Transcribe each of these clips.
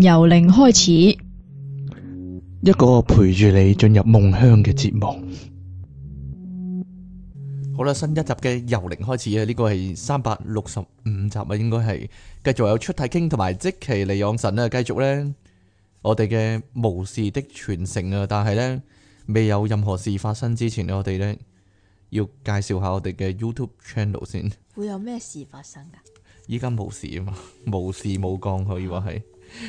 由零開始，一個陪住你進入夢鄉嘅節目。好啦，新一集嘅由零開始啊，呢個係三百六十五集啊，應該係繼續有出體傾同埋即期嚟養神啦。繼續咧，我哋嘅巫士的傳承啊，但係呢，未有任何事發生之前，我哋呢要介紹下我哋嘅 YouTube channel 先。會有咩事發生噶？依家冇事啊嘛，無事冇講，可以話係。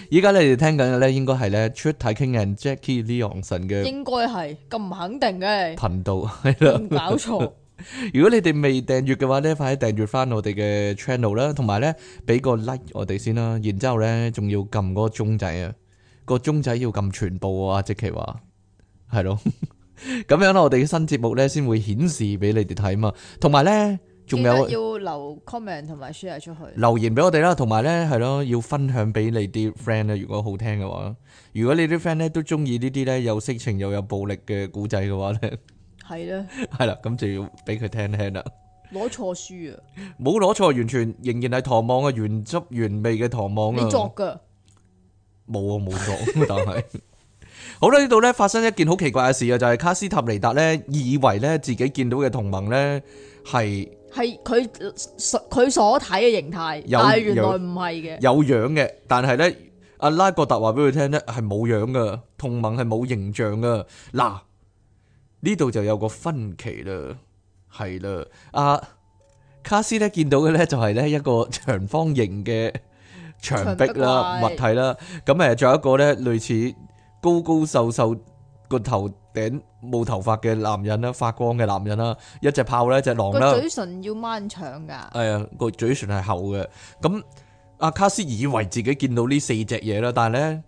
依家你哋聽緊嘅咧，應該係咧出體傾嘅 Jackie Leonson 嘅，應該係咁，唔肯定嘅頻道係啦，搞錯。 如果你哋未訂閱嘅話咧，快啲訂閱翻我哋嘅 channel 啦，同埋咧俾個 like 我哋先啦，然之後咧仲要撳嗰個鐘仔啊，個鐘仔要撳全部啊，即其話係咯，咁 樣咧我哋嘅新節目咧先會顯示俾你哋睇啊嘛，同埋咧。仲有要留 comment 同埋 share 出去，留言俾我哋啦，同埋咧係咯，要分享俾你啲 friend 咧。如果好聽嘅話，如果你啲 friend 咧都中意呢啲咧有色情又有暴力嘅古仔嘅話咧，係咧了，係啦， 咁就要俾佢聽聽啦。攞錯書啊！冇攞錯，完全仍然係唐望嘅原汁原味嘅唐望啊！你作噶，冇啊，冇作，但係 好啦，呢度咧發生一件好奇怪嘅事啊，就係、是、卡斯塔尼達咧，以為咧自己見到嘅同盟咧係。係佢所佢所睇嘅形態，但係原來唔係嘅，有樣嘅，但係咧，阿拉國達話俾佢聽咧，係冇樣噶，同盟係冇形象噶，嗱，呢度就有個分歧啦，係啦，阿卡斯咧見到嘅咧就係咧一個長方形嘅牆壁啦，物體啦，咁誒，仲有一個咧類似高高瘦瘦。個頭頂冇頭髮嘅男人啦，發光嘅男人啦，一隻豹啦，一隻狼啦。個嘴唇要掹長噶。係啊，個嘴唇係厚嘅。咁阿卡斯以為自己見到呢四隻嘢啦，但係咧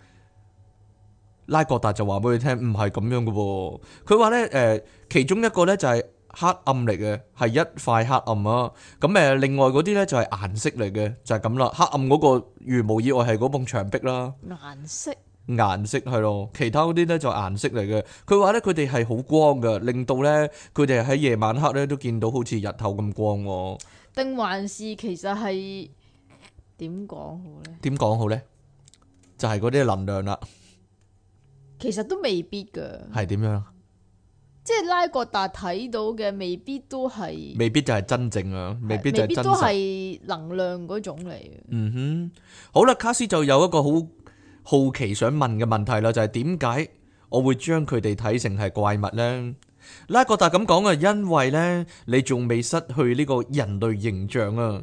拉格達就話俾佢聽唔係咁樣噶喎。佢話咧，誒，其中一個咧就係黑暗嚟嘅，係一塊黑暗啊。咁誒，另外嗰啲咧就係顏色嚟嘅，就係咁啦。黑暗嗰個，如無意外係嗰埲牆壁啦。顏色。顏色係咯，其他嗰啲咧就顏色嚟嘅。佢話咧，佢哋係好光㗎，令到咧佢哋喺夜晚黑咧都見到好似日頭咁光喎。定還是其實係點講好咧？點講好咧？就係嗰啲能量啦。其實都未必㗎。係點樣？即係拉國達睇到嘅，未必都係。未必就係真正啊！未必就係都係能量嗰種嚟。嗯哼，好啦，卡斯就有一個好。好奇想問嘅問題啦，就係點解我會將佢哋睇成係怪物呢？拉格達咁講啊，因為呢，你仲未失去呢個人類形象啊。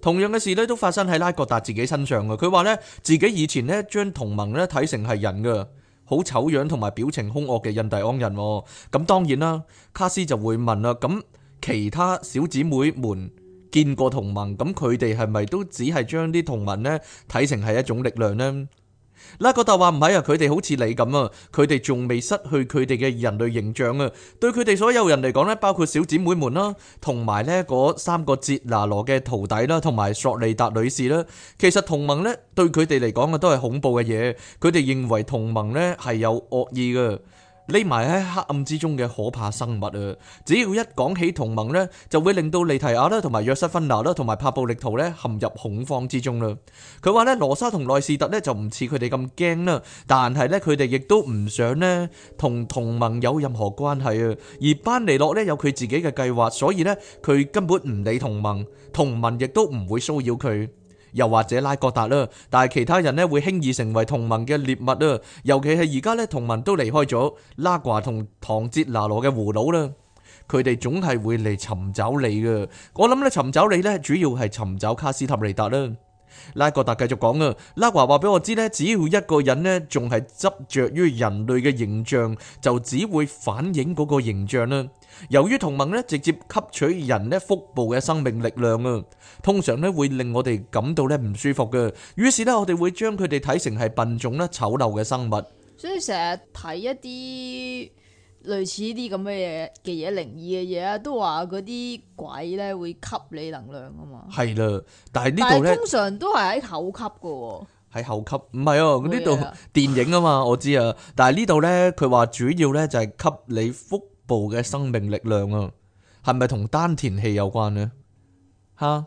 同樣嘅事呢，都發生喺拉格達自己身上啊。佢話呢，自己以前呢，將同盟呢睇成係人噶，好醜樣同埋表情兇惡嘅印第安人。咁當然啦，卡斯就會問啦。咁其他小姐妹們見過同盟，咁佢哋係咪都只係將啲同盟呢睇成係一種力量呢？」啦，個達話唔係啊，佢哋好似你咁啊，佢哋仲未失去佢哋嘅人類形象啊。對佢哋所有人嚟講咧，包括小姊妹們啦，同埋咧嗰三個捷拿羅嘅徒弟啦，同埋索利達女士啦，其實同盟咧對佢哋嚟講嘅都係恐怖嘅嘢，佢哋認為同盟咧係有惡意嘅。匿埋喺黑暗之中嘅可怕生物啊！只要一講起同盟呢，就會令到利提亞啦、同埋約瑟芬娜啦、同埋帕布力圖呢陷入恐慌之中啦。佢話呢羅莎同內士特呢就唔似佢哋咁驚啦，但係呢佢哋亦都唔想呢同同盟有任何關係啊。而班尼洛呢有佢自己嘅計劃，所以呢佢根本唔理同盟，同盟亦都唔會騷擾佢。又或者拉格達啦，但係其他人咧會輕易成為同盟嘅獵物啦，尤其係而家咧同盟都離開咗拉華同唐哲拿羅嘅葫蘆啦，佢哋總係會嚟尋找你噶。我諗咧尋找你咧，主要係尋找卡斯塔尼達啦。拉格達繼續講啊，拉華話俾我知咧，只要一個人咧仲係執着於人類嘅形象，就只會反映嗰個形象啦。由於同盟咧直接吸取人咧腹部嘅生命力量啊，通常咧會令我哋感到咧唔舒服嘅，於是咧我哋會將佢哋睇成係笨重咧醜陋嘅生物。所以成日睇一啲類似啲咁嘅嘢嘅嘢，靈異嘅嘢啊，都話嗰啲鬼咧會吸你能量啊嘛。係啦，但係呢度咧，通常都係喺後級噶，喺後級唔係啊？呢度電影啊嘛，我知啊，但係呢度咧佢話主要咧就係吸你腹。部嘅生命力量啊，係咪同丹田氣有關咧？吓，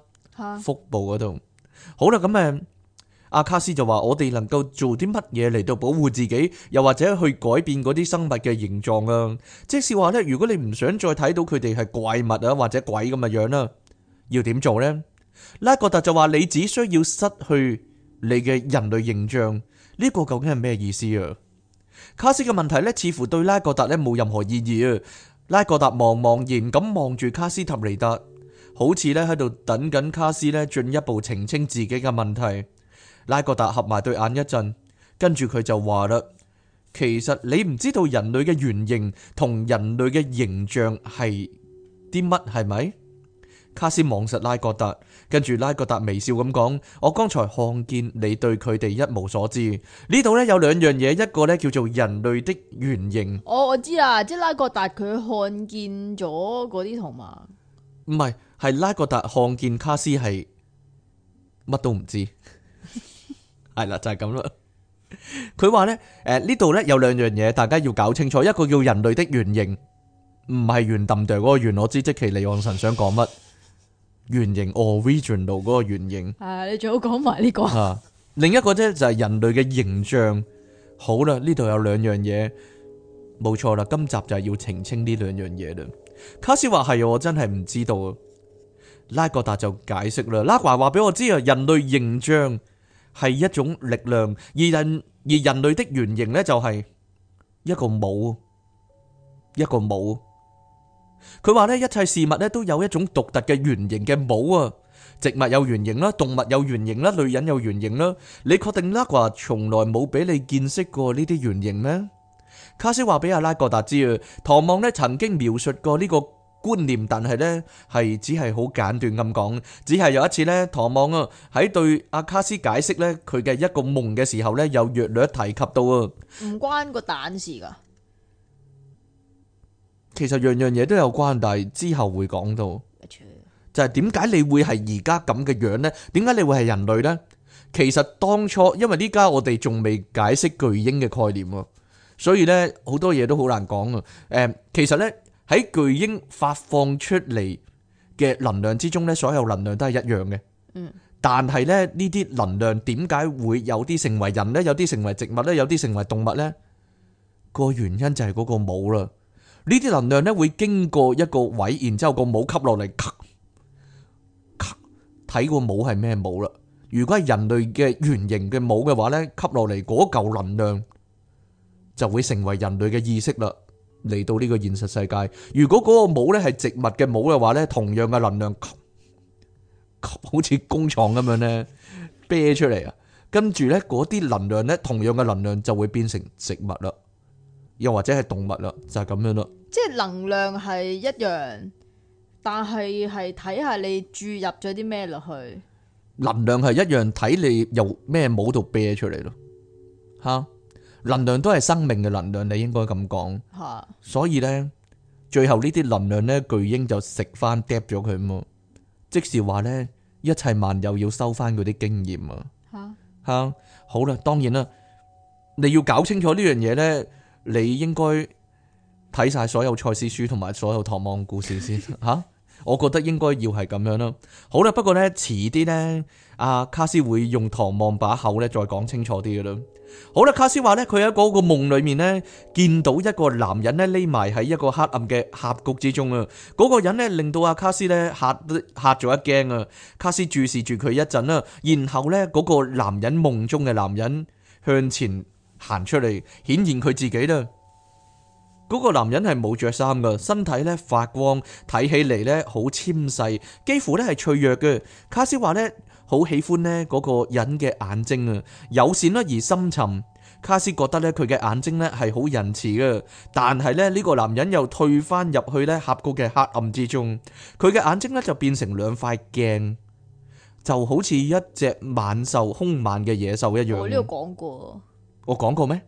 腹部嗰度好啦。咁啊，阿卡斯就話我哋能夠做啲乜嘢嚟到保護自己，又或者去改變嗰啲生物嘅形狀啊？即是話咧，如果你唔想再睇到佢哋係怪物啊或者鬼咁嘅樣啦，要點做咧？拉格特就話你只需要失去你嘅人類形象，呢個究竟係咩意思啊？卡斯嘅問題咧，似乎對拉格達咧冇任何意義啊！拉格達茫茫然咁望住卡斯塔尼達，好似咧喺度等緊卡斯咧進一步澄清自己嘅問題。拉格達合埋對眼一陣，跟住佢就話啦：其實你唔知道人類嘅原型同人類嘅形象係啲乜，係咪？卡斯望實拉格達。跟住拉格達微笑咁講：我剛才看見你對佢哋一無所知。呢度咧有兩樣嘢，一個咧叫做人類的原型。哦，我知啦，即係拉格達佢看見咗嗰啲同埋。唔係，係拉格達看見卡斯係乜都唔知。係啦，就係咁啦。佢話咧，誒呢度咧有兩樣嘢，大家要搞清楚，一個叫人類的原型，唔係圓特爾嗰個圓。我知即其離岸神想講乜。圓形 original 嗰個圓形，啊你最好講埋呢個。另一個啫就係人類嘅形象。好啦，呢度有兩樣嘢，冇錯啦。今集就係要澄清呢兩樣嘢啦。卡斯話，係我真係唔知道，拉格達就解釋啦。拉格話話俾我知啊，人類形象係一種力量，而人而人類的原型呢就係一個冇，一個冇。佢話咧，一切事物咧都有一種獨特嘅圓形嘅帽啊！植物有圓形啦，動物有圓形啦，女人有圓形啦。你確定拉格話從來冇俾你見識過呢啲圓形咩？卡斯話俾阿拉哥達知啊，唐望咧曾經描述過呢個觀念，但係呢係只係好簡短咁講，只係有一次呢，唐望啊喺對阿卡斯解釋呢，佢嘅一個夢嘅時候呢，有約略提及到啊，唔關個蛋事噶。其實樣樣嘢都有關，但係之後會講到，就係點解你會係而家咁嘅樣咧？點解你會係人類咧？其實當初因為呢家我哋仲未解釋巨嬰嘅概念喎，所以咧好多嘢都好難講啊。誒，其實咧喺巨嬰發放出嚟嘅能量之中咧，所有能量都係一樣嘅。嗯，但係咧呢啲能量點解會有啲成為人咧？有啲成為植物咧？有啲成為動物咧？個原因就係嗰個冇啦。呢啲能量咧會經過一個位，然之後個帽吸落嚟，咔咔睇個帽係咩帽啦？如果係人類嘅圓形嘅帽嘅話咧，吸落嚟嗰嚿能量就會成為人類嘅意識啦，嚟到呢個現實世界。如果嗰個帽咧係植物嘅帽嘅話咧，同樣嘅能量，好似工廠咁樣咧啤出嚟啊，跟住咧嗰啲能量咧，同樣嘅能量就會變成植物啦。又或者係動物啦，就係咁樣咯。即係能量係一樣，但係係睇下你注入咗啲咩落去。能量係一樣，睇你由咩模度啤出嚟咯。吓，能量都係生命嘅能量，你應該咁講。吓。所以咧，最後呢啲能量咧，巨鷹就食翻嗒咗佢嘛。即係話咧，一切萬有要收翻嗰啲經驗啊。吓吓，好啦，當然啦，你要搞清楚呢樣嘢咧。你應該睇晒所有賽斯書同埋所有唐望故事先吓，啊，我覺得應該要係咁樣啦。好啦，不過呢，遲啲呢，阿、啊、卡斯會用唐望把口呢再講清楚啲嘅啦。好啦，卡斯話呢，佢喺嗰個夢裏面呢，見到一個男人呢匿埋喺一個黑暗嘅峽谷之中啊，嗰、那個人呢，令到阿、啊、卡斯呢吓嚇咗一驚啊！卡斯注視住佢一陣啦，然後呢，嗰、那個男人夢中嘅男人向前。行出嚟，顯現佢自己啦。嗰個男人係冇着衫噶身體咧發光，睇起嚟咧好纖細，幾乎咧係脆弱嘅。卡斯話咧，好喜歡呢嗰個人嘅眼睛啊，友善啦而深沉。卡斯覺得咧佢嘅眼睛咧係好仁慈嘅，但係咧呢個男人又退翻入去咧峽谷嘅黑暗之中，佢嘅眼睛咧就變成兩塊鏡，就好似一隻猛獸兇猛嘅野獸一樣。我呢度講過。我講過咩？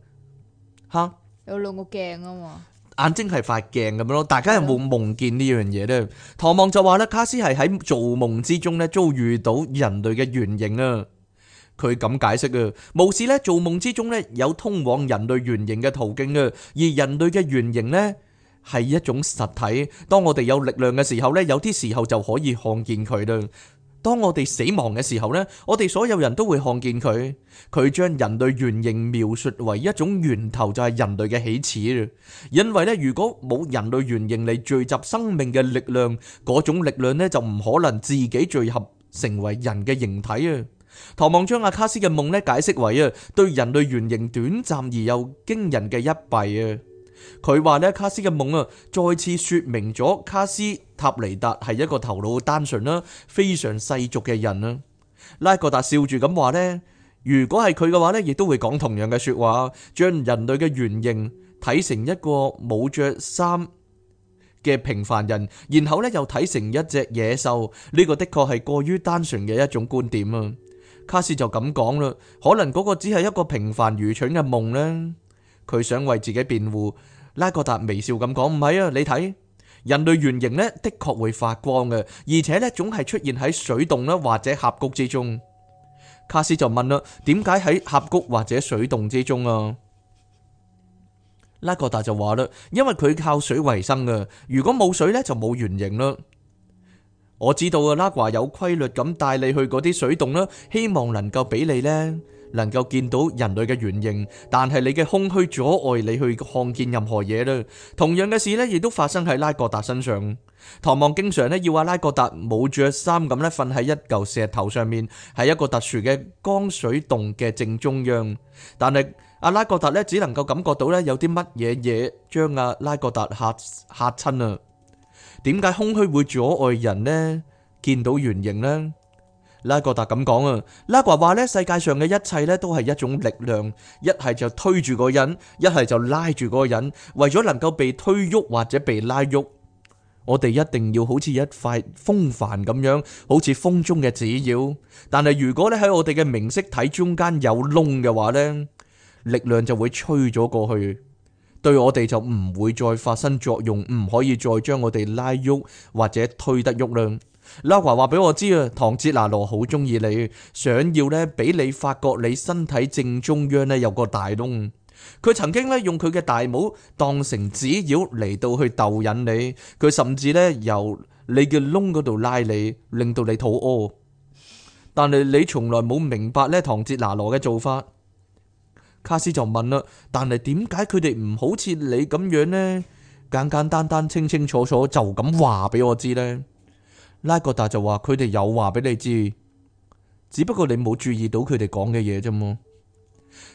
吓，有兩個鏡啊嘛，眼睛係塊鏡咁樣咯。大家有冇夢見呢樣嘢咧？唐望就話咧，卡斯係喺做夢之中咧，遭遇到人類嘅原型啊。佢咁解釋啊，無事咧，做夢之中咧有通往人類原型嘅途徑啊。而人類嘅原型咧係一種實體，當我哋有力量嘅時候咧，有啲時候就可以看見佢啦。當我哋死亡嘅時候咧，我哋所有人都會看見佢。佢將人類原型描述為一種源頭，就係人類嘅起始啊！因為咧，如果冇人類原型嚟聚集生命嘅力量，嗰種力量咧就唔可能自己聚合成為人嘅形體啊！唐望將阿卡斯嘅夢咧解釋為啊，對人類原型短暫而又驚人嘅一瞥啊！佢話咧卡斯嘅夢啊，再次說明咗卡斯塔尼達係一個頭腦單純啦，非常世俗嘅人啦。拉各達笑住咁話咧：如果係佢嘅話咧，亦都會講同樣嘅說話，將人類嘅原型睇成一個冇着衫嘅平凡人，然後咧又睇成一隻野獸。呢個的確係過於單純嘅一種觀點啊。卡斯就咁講啦，可能嗰個只係一個平凡愚蠢嘅夢啦。佢想為自己辯護，拉格達微笑咁講：唔係啊，你睇人類原形咧的確會發光嘅，而且咧總係出現喺水洞啦或者峽谷之中。卡斯就問啦：點解喺峽谷或者水洞之中啊？拉格達就話啦：因為佢靠水為生嘅，如果冇水咧就冇原形啦。我知道啊，拉華有規律咁帶你去嗰啲水洞啦，希望能夠俾你咧。能夠見到人類嘅原型，但係你嘅空虛阻礙你去看見任何嘢啦。同樣嘅事咧，亦都發生喺拉各達身上。唐望經常咧要阿拉各達冇著衫咁咧瞓喺一嚿石頭上面，喺一個特殊嘅江水洞嘅正中央。但係阿拉各達咧只能夠感覺到咧有啲乜嘢嘢將阿拉各達吓吓親啊？點解空虛會阻礙人咧見到原型咧？拉哥達咁講啊，拉哥話咧，世界上嘅一切咧都係一種力量，一係就推住個人，一係就拉住個人，為咗能夠被推喐或者被拉喐，我哋一定要好似一塊風帆咁樣，好似風中嘅紙鷂。但係如果咧喺我哋嘅明晰體中間有窿嘅話咧，力量就會吹咗過去，對我哋就唔會再發生作用，唔可以再將我哋拉喐或者推得喐啦。拉華話俾我知啊，唐哲拿羅好中意你，想要咧俾你發覺你身體正中央咧有個大窿。佢曾經咧用佢嘅大帽當成紙鷂嚟到去逗引你，佢甚至咧由你嘅窿嗰度拉你，令到你肚屙。但係你從來冇明白咧唐哲拿羅嘅做法。卡斯就問啦，「但係點解佢哋唔好似你咁樣呢？簡簡單單、清清楚楚就咁話俾我知呢。」拉格達就話：佢哋有話俾你知，只不過你冇注意到佢哋講嘅嘢啫嘛。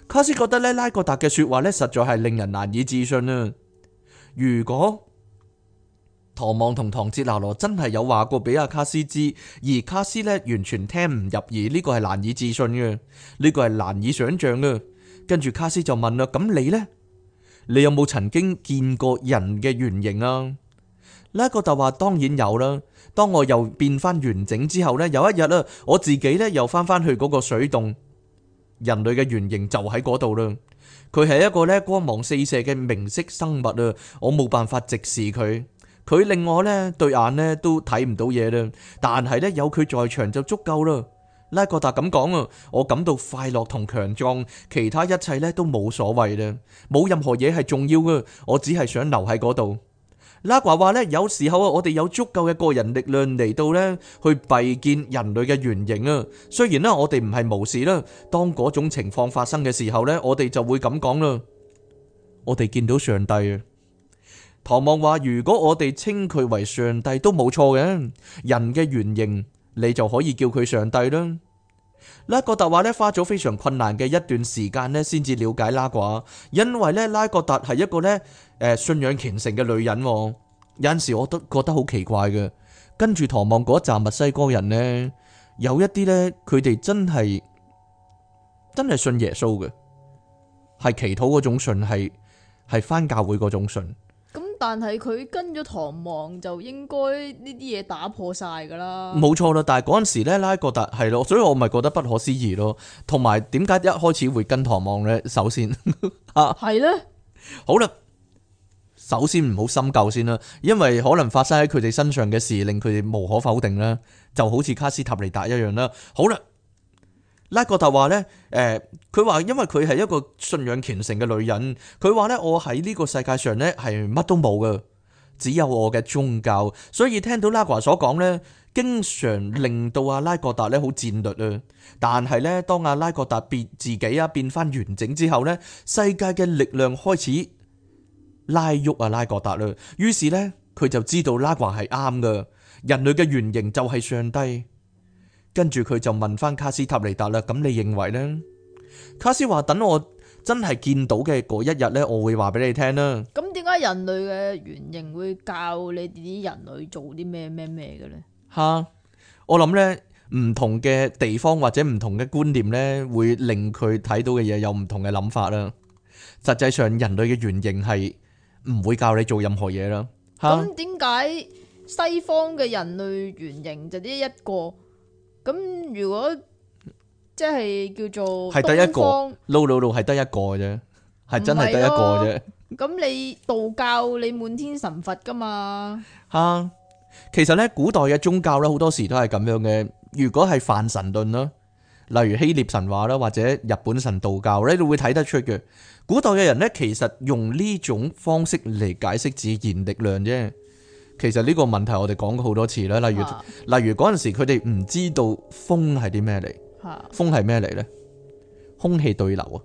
卡斯覺得咧，拉格達嘅說話咧實在係令人難以置信啊。如果唐望同唐哲拿羅真係有話過俾阿卡斯知，而卡斯咧完全聽唔入耳，呢個係難以置信嘅，呢個係難以想象嘅。跟住卡斯就問啦：咁你呢？你有冇曾經見過人嘅原型啊？拉格達話：當然有啦。當我又變翻完整之後呢，有一日咧，我自己呢又翻返去嗰個水洞，人類嘅原型就喺嗰度啦。佢係一個呢光芒四射嘅明色生物啊，我冇辦法直視佢，佢令我呢對眼呢都睇唔到嘢啦。但係呢，有佢在場就足夠啦。拉格達咁講啊，我感到快樂同強壯，其他一切呢都冇所謂啦，冇任何嘢係重要㗎，我只係想留喺嗰度。拉瓜話咧，有時候啊，我哋有足夠嘅個人力量嚟到咧，去避見人類嘅原型啊。雖然呢，我哋唔係無事啦。當嗰種情況發生嘅時候咧，我哋就會咁講啦。我哋見到上帝啊。唐望話：如果我哋稱佢為上帝都冇錯嘅，人嘅原型，你就可以叫佢上帝啦。拉格達話咧，花咗非常困難嘅一段時間呢先至了解拉瓜，因為咧，拉格達係一個咧。誒，信仰虔誠嘅女人，哦，有陣時我都覺得好奇怪嘅。跟住唐望嗰一站墨西哥人呢，有一啲呢，佢哋真係真係信耶穌嘅，係祈禱嗰種信，係係翻教會嗰種信。咁但係佢跟咗唐望就應該呢啲嘢，打破晒噶啦。冇錯啦，但係嗰陣時咧，拉哥達係咯，所以我咪覺得不可思議咯。同埋點解一開始會跟唐望呢？首先啊，係 咧呢， 好啦。首先唔好深究先啦，因為可能發生喺佢哋身上嘅事令佢哋無可否定啦，就好似卡斯塔尼達一樣啦。好啦，拉各達話呢，誒、呃，佢話因為佢係一個信仰虔誠嘅女人，佢話呢，我喺呢個世界上呢係乜都冇㗎，只有我嘅宗教。所以聽到拉各達所講呢，經常令到阿拉各達呢好戰慄啊。但係呢，當阿拉各達變自己啊變翻完整之後呢，世界嘅力量開始。拉喐啊，拉哥達啦。於是咧，佢就知道拉華係啱噶。人類嘅原型就係上帝。跟住佢就問翻卡斯塔尼達啦。咁你認為咧？卡斯話等我真係見到嘅嗰一日咧，我會話俾你聽啦。咁點解人類嘅原型會教你哋啲人類做啲咩咩咩嘅咧？吓，我諗咧，唔同嘅地方或者唔同嘅觀念咧，會令佢睇到嘅嘢有唔同嘅諗法啦。實際上，人類嘅原型係。唔會教你做任何嘢啦。咁點解西方嘅人類原型就呢一個？咁如果即係叫做係得一個，路路路係得一個啫，係真係得一個啫。咁你道教你滿天神佛噶嘛？吓，其實咧古代嘅宗教咧好多時都係咁樣嘅。如果係泛神論囉。例如希臘神話啦，或者日本神道教咧，你都會睇得出嘅。古代嘅人呢，其實用呢種方式嚟解釋自然力量啫。其實呢個問題我哋講過好多次啦。例如，啊、例如嗰陣時佢哋唔知道風係啲咩嚟，啊、風係咩嚟呢？空氣對流啊，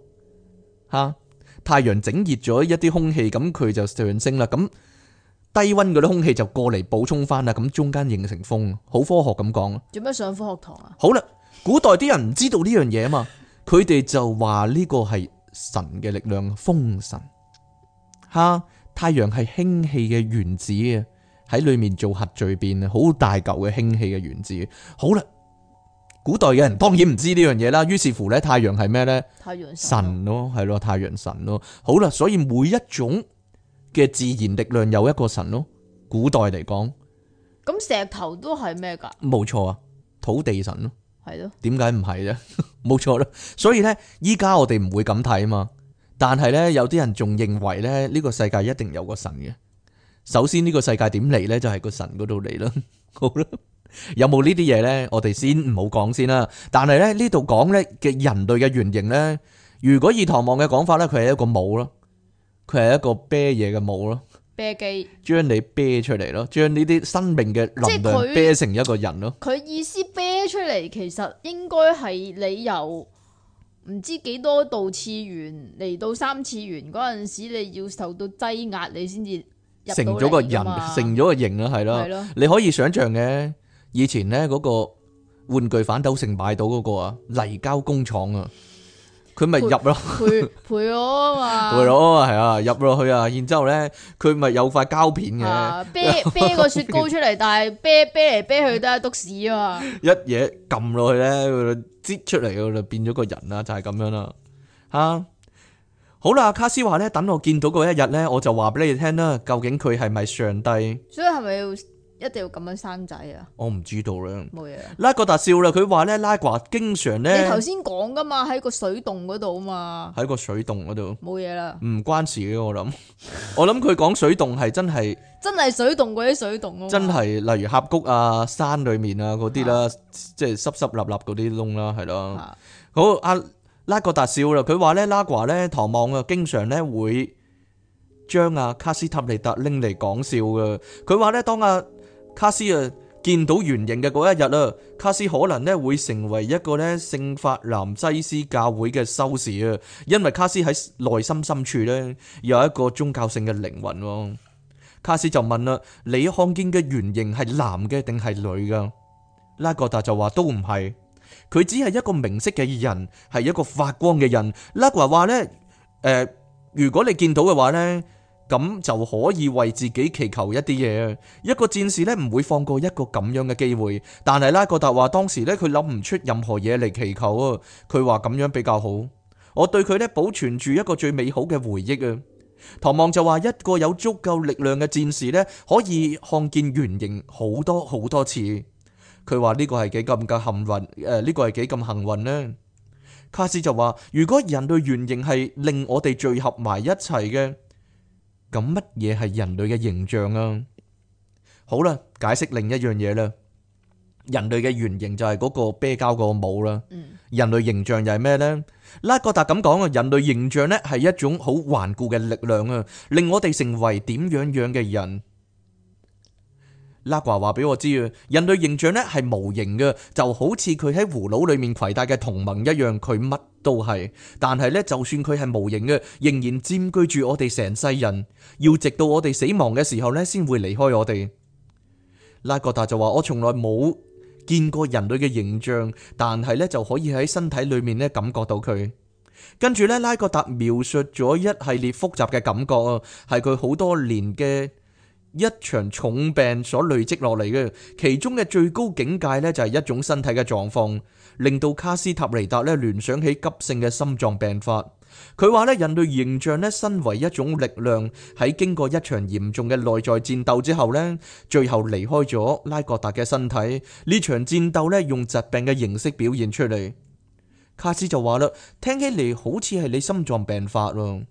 吓，太陽整熱咗一啲空氣，咁佢就上升啦。咁低温嗰啲空氣就過嚟補充翻啦。咁中間形成風，好科學咁講。做咩上科學堂啊？好啦。古代啲人唔知道呢樣嘢啊嘛，佢哋就話呢個係神嘅力量，風神吓、啊，太陽係氫氣嘅原子啊，喺裏面做核聚變，好大嚿嘅氫氣嘅原子。好啦，古代嘅人當然唔知呢樣嘢啦，於是乎咧，太陽係咩咧？太陽神。神咯，係咯，太陽神咯。好啦，所以每一種嘅自然力量有一個神咯，古代嚟講。咁石頭都係咩噶？冇錯啊，土地神咯。點解唔係啫？冇錯啦，所以咧，依家我哋唔會咁睇啊嘛。但係咧，有啲人仲認為咧，呢個世界一定有個神嘅。首先，呢個世界點嚟咧，就係個神嗰度嚟咯。好啦，有冇呢啲嘢咧？我哋先唔好講先啦。但係咧，呢度講咧嘅人類嘅原型咧，如果以唐望嘅講法咧，佢係一個模咯，佢係一個啤嘢嘅模咯。啤機將你啤出嚟咯，將呢啲生命嘅能量啤成一個人咯。佢意思啤出嚟，其實應該係你由唔知幾多度次元嚟到三次元嗰陣時，你要受到擠壓，你先至成咗個人，成咗個型啦，係咯。了你可以想象嘅，以前咧嗰個玩具反斗城買到嗰個啊，泥膠工廠啊。佢咪入咯，陪陪我嘛， 陪我嘛係啊，入落去啊，然之後咧，佢咪有塊膠片嘅，啤啤、啊、個雪糕出嚟， 但係啤啤嚟啤去都係督屎啊， 一嘢撳落去咧，佢就擠出嚟，佢就變咗個人啦，就係、是、咁樣啦，吓、啊，好啦，卡斯話咧，等我見到嗰一日咧，我就話俾你哋聽啦，究竟佢係咪上帝？所以係咪要？一定要咁樣生仔啊！我唔知道啦，冇嘢啊！拉格達笑啦，佢話咧拉瓜經常咧，你頭先講噶嘛，喺個水洞嗰度啊嘛，喺個水洞嗰度，冇嘢啦，唔關事嘅，我諗，我諗佢講水洞係真係，真係水洞嗰啲水洞咯，真係例如峽谷啊、山裏面啊嗰啲啦，即係濕濕立立嗰啲窿啦，係咯，好啊，拉格達笑啦，佢話咧拉瓜咧唐望啊，經常咧會將阿卡斯塔尼達拎嚟講笑嘅，佢話咧當阿卡斯啊，見到原型嘅嗰一日啦，卡斯可能咧會成為一個咧聖法南西斯教會嘅修士啊，因為卡斯喺內心深處咧有一個宗教性嘅靈魂。卡斯就問啦：你看見嘅原型係男嘅定係女噶？拉格達就話都唔係，佢只係一個明識嘅人，係一個發光嘅人。拉格達話咧：誒、呃，如果你見到嘅話呢……」咁就可以為自己祈求一啲嘢。一個戰士呢唔會放過一個咁樣嘅機會，但係拉格達話當時呢，佢諗唔出任何嘢嚟祈求啊。佢話咁樣比較好，我對佢呢保存住一個最美好嘅回憶啊。唐望就話一個有足夠力量嘅戰士呢，可以看見圓形好多好多次。佢話呢個係幾咁嘅幸運，誒呢個係幾咁幸運呢？卡斯就話如果人類圓形係令我哋聚合埋一齊嘅。咁乜嘢係人類嘅形象啊？好啦，解釋另一樣嘢啦。人類嘅原型就係嗰個啤膠個帽啦、啊嗯。人類形象又係咩呢？拉格達咁講啊，人類形象呢係一種好頑固嘅力量啊，令我哋成為點樣樣嘅人。拉哥達話俾我知啊，人類形象咧係無形嘅，就好似佢喺葫蘆裏面攜帶嘅同盟一樣，佢乜都係。但係咧，就算佢係無形嘅，仍然佔據住我哋成世人，要直到我哋死亡嘅時候咧，先會離開我哋。拉哥達就話：我從來冇見過人類嘅形象，但係咧就可以喺身體裏面咧感覺到佢。跟住咧，拉哥達描述咗一系列複雜嘅感覺啊，係佢好多年嘅。一場重病所累積落嚟嘅，其中嘅最高境界呢，就係一種身體嘅狀況，令到卡斯塔尼達呢聯想起急性嘅心臟病發。佢話呢，人類形象呢，身為一種力量喺經過一場嚴重嘅內在戰鬥之後呢，最後離開咗拉各達嘅身體。呢場戰鬥呢，用疾病嘅形式表現出嚟。卡斯就話啦，聽起嚟好似係你心臟病發咯。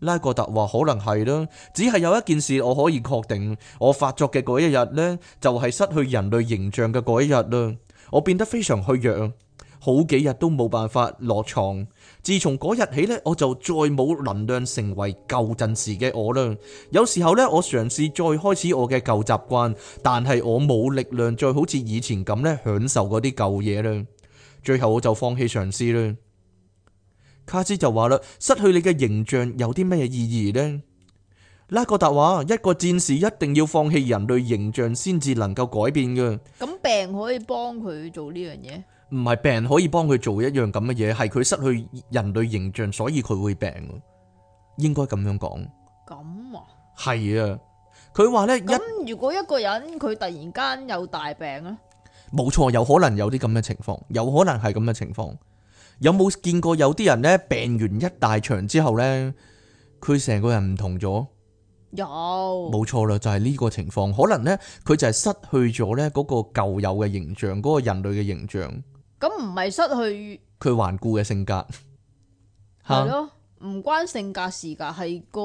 拉格特話：可能係啦，只係有一件事我可以確定，我發作嘅嗰一日呢，就係失去人類形象嘅嗰一日啦。我變得非常虛弱，好幾日都冇辦法落床。自從嗰日起呢，我就再冇能量成為舊陣時嘅我啦。有時候呢，我嘗試再開始我嘅舊習慣，但係我冇力量再好似以前咁呢享受嗰啲舊嘢啦。最後我就放棄嘗試啦。卡斯就話啦，失去你嘅形象有啲咩嘢意義呢？拉格達話，一個戰士一定要放棄人類形象先至能夠改變嘅。咁病可以幫佢做呢樣嘢？唔係病可以幫佢做一樣咁嘅嘢，係佢失去人類形象，所以佢會病。應該咁樣講。咁啊？係啊，佢話呢。咁如果一個人佢突然間有大病咧？冇錯，有可能有啲咁嘅情況，有可能係咁嘅情況。有冇見過有啲人咧，病完一大場之後咧，佢成個人唔同咗？有，冇錯啦，就係呢個情況。可能咧，佢就係失去咗咧嗰個舊有嘅形象，嗰個人類嘅形象。咁唔係失去佢頑固嘅性格，係咯？唔關性格事噶，係個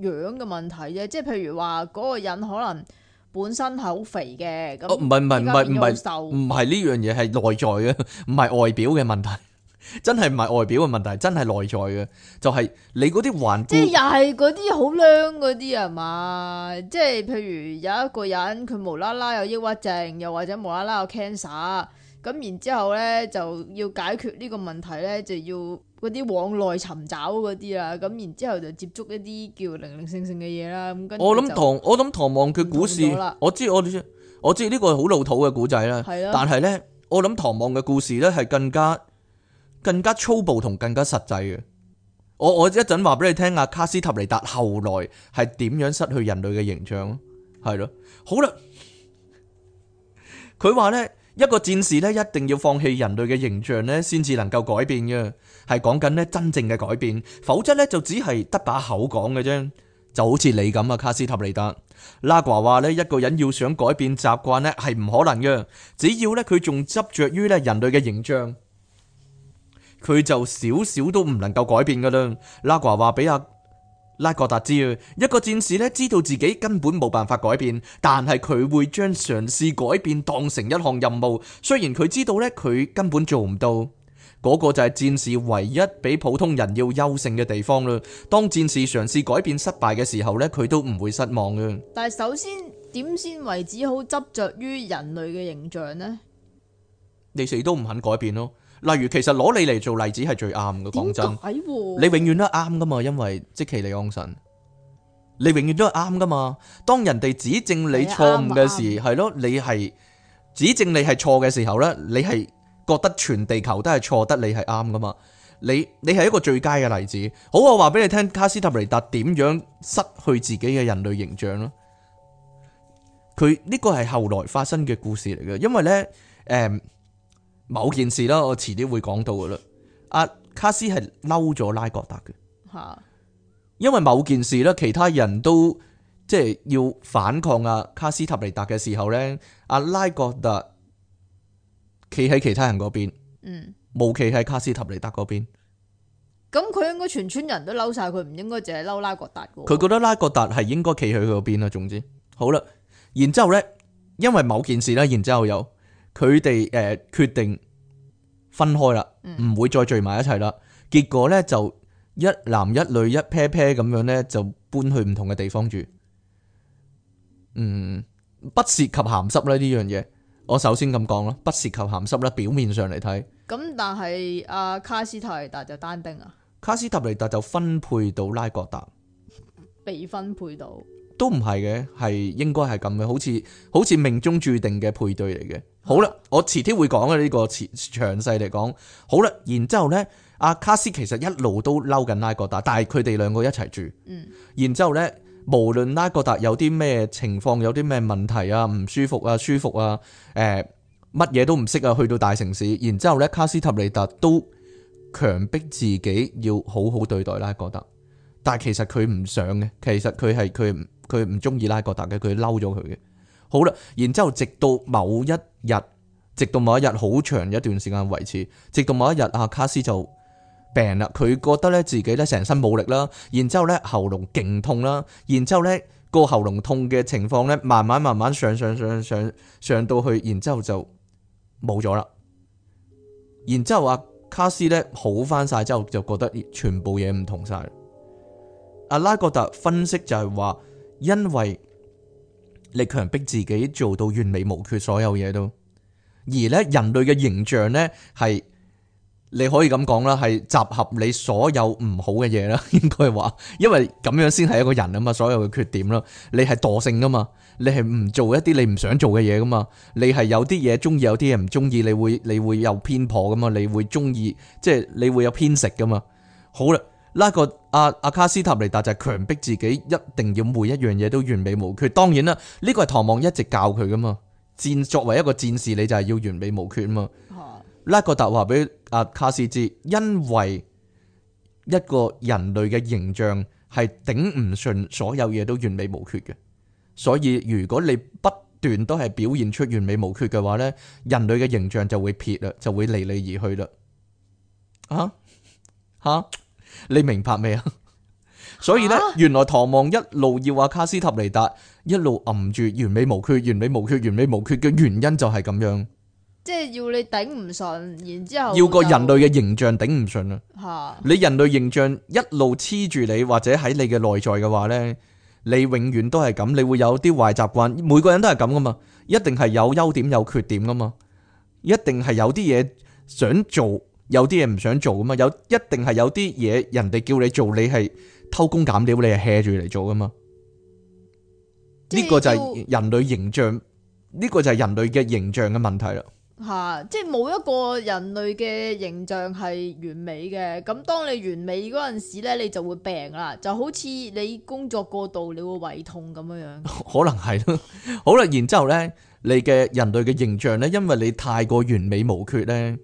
樣嘅問題啫。即係譬如話嗰個人可能本身係好肥嘅，咁唔係唔係唔係唔係唔係，呢樣嘢係內在嘅，唔係外表嘅問題。真係唔係外表嘅問題，真係內在嘅，就係你嗰啲患，即係又係嗰啲好靚嗰啲係嘛？即係譬如有一個人佢無啦啦有抑鬱症，又或者無啦啦有 cancer，咁然之後咧就要解決呢個問題咧，就要嗰啲往內尋找嗰啲啊，咁然之後就接觸一啲叫零零星星嘅嘢啦。咁我諗唐我諗唐望佢故事，我知我知，我知呢個係好老土嘅古仔啦，但係咧我諗唐望嘅故事咧係更加。更加粗暴同更加實際嘅，我我一陣話俾你聽啊！卡斯塔尼達後來係點樣失去人類嘅形象？係咯，好啦，佢話呢，一個戰士呢一定要放棄人類嘅形象呢，先至能夠改變嘅，係講緊呢真正嘅改變，否則呢就只係得把口講嘅啫，就好似你咁啊！卡斯塔尼達拉瓜話呢，一個人要想改變習慣呢係唔可能嘅，只要呢，佢仲執着於呢人類嘅形象。佢就少少都唔能夠改變噶啦，拉華話俾阿拉國達知啊，一個戰士咧知道自己根本冇辦法改變，但係佢會將嘗試改變當成一項任務，雖然佢知道呢，佢根本做唔到，嗰個就係戰士唯一比普通人要優勝嘅地方啦。當戰士嘗試改變失敗嘅時候呢，佢都唔會失望嘅。但係首先點先為止好執着於人類嘅形象呢？你死都唔肯改變咯。例如，其實攞你嚟做例子係最啱嘅，講何真，你永遠都啱噶嘛，因為即其你安神，你永遠都係啱噶嘛。當人哋指證你錯誤嘅時，係咯，你係指證你係錯嘅時候呢，你係覺得全地球都係錯得你係啱噶嘛？你你係一個最佳嘅例子。好，我話俾你聽卡斯塔雷達點樣失去自己嘅人類形象咯。佢呢個係後來發生嘅故事嚟嘅，因為呢。誒、嗯。某件事啦，我遲啲會講到噶啦。阿卡斯係嬲咗拉葛達嘅，因為某件事啦，其他人都即係要反抗阿卡斯塔利達嘅時候咧，阿拉葛達企喺其他人嗰邊，冇企喺卡斯塔利達嗰邊。咁佢應該全村人都嬲晒，佢唔應該淨係嬲拉葛達。佢覺得拉葛達係應該企喺佢嗰邊啦。總之，好啦，然之後咧，因為某件事啦，然之後又。佢哋誒決定分開啦，唔、嗯、會再聚埋一齊啦。結果呢，就一男一女一 pair pair 咁樣呢，就搬去唔同嘅地方住。嗯，不涉及鹹濕啦呢樣嘢，我首先咁講啦，不涉及鹹濕啦。表面上嚟睇，咁但係阿卡斯塔尼達就單丁啊，卡斯塔尼達就分配到拉各達，被分配到。都唔係嘅，係應該係咁嘅，好似好似命中注定嘅配對嚟嘅。好啦，我遲啲會講嘅呢個，詳細嚟講。好啦，然之後咧，阿卡斯其實一路都嬲緊拉格達，但係佢哋兩個一齊住。嗯。然之後咧，無論拉格達有啲咩情況，有啲咩問題啊，唔舒服啊，舒服啊，誒、呃，乜嘢都唔識啊，去到大城市。然之後咧，卡斯塔里達都強迫自己要好好對待拉格達。但係其實佢唔想嘅，其實佢係佢佢唔中意拉格達嘅，佢嬲咗佢嘅。好啦，然之後直到某一日，直到某一日好長一段時間維持，直到某一日阿卡斯就病啦，佢覺得咧自己咧成身冇力啦，然之後咧喉嚨勁痛啦，然之後咧個喉嚨痛嘅情況咧慢慢慢慢上上上上上到去，然之後就冇咗啦。然之後阿卡斯咧好返晒之後就覺得全部嘢唔同晒。阿拉哥特分析就係話，因為你強逼自己做到完美無缺，所有嘢都。而咧人類嘅形象咧係，你可以咁講啦，係集合你所有唔好嘅嘢啦，應該話，因為咁樣先係一個人啊嘛，所有嘅缺點囉，你係惰性噶嘛，你係唔做一啲你唔想做嘅嘢噶嘛，你係有啲嘢中意，有啲嘢唔中意，你會你會有偏頗噶嘛，你會中意，即係你會有偏食噶嘛。好啦。拉、那個阿阿、啊、卡斯塔尼達就係強逼自己一定要每一樣嘢都完美無缺。當然啦，呢個係唐望一直教佢噶嘛。戰，作為一個戰士，你就係要完美無缺嘛。拉、啊、個達話俾阿卡斯知，因為一個人類嘅形象係頂唔順所有嘢都完美無缺嘅，所以如果你不斷都係表現出完美無缺嘅話咧，人類嘅形象就會撇啦，就會離你而去啦。啊，吓、啊？你明白未？ 以啊？所以咧，原來唐望一路要阿卡斯塔尼達一路揞住完美無缺、完美無缺、完美無缺嘅原因就係咁樣，即係要你頂唔順，然之後要個人類嘅形象頂唔順啊。吓，你人類形象一路黐住你，或者喺你嘅內在嘅話咧，你永遠都係咁，你會有啲壞習慣。每個人都係咁噶嘛，一定係有優點有缺點噶嘛，一定係有啲嘢想做。有啲嘢唔想做噶嘛，有一定係有啲嘢人哋叫你做，你係偷工減料，你係 hea 住嚟做噶嘛？呢個就係人類形象，呢個就係人類嘅形象嘅問題啦。吓，即係冇一個人類嘅形象係完美嘅，咁當你完美嗰陣時咧，你就會病啦。就好似你工作過度，你會胃痛咁樣樣。可能係咯。好啦，然之後咧，你嘅人類嘅形象咧，因為你太過完美無缺咧。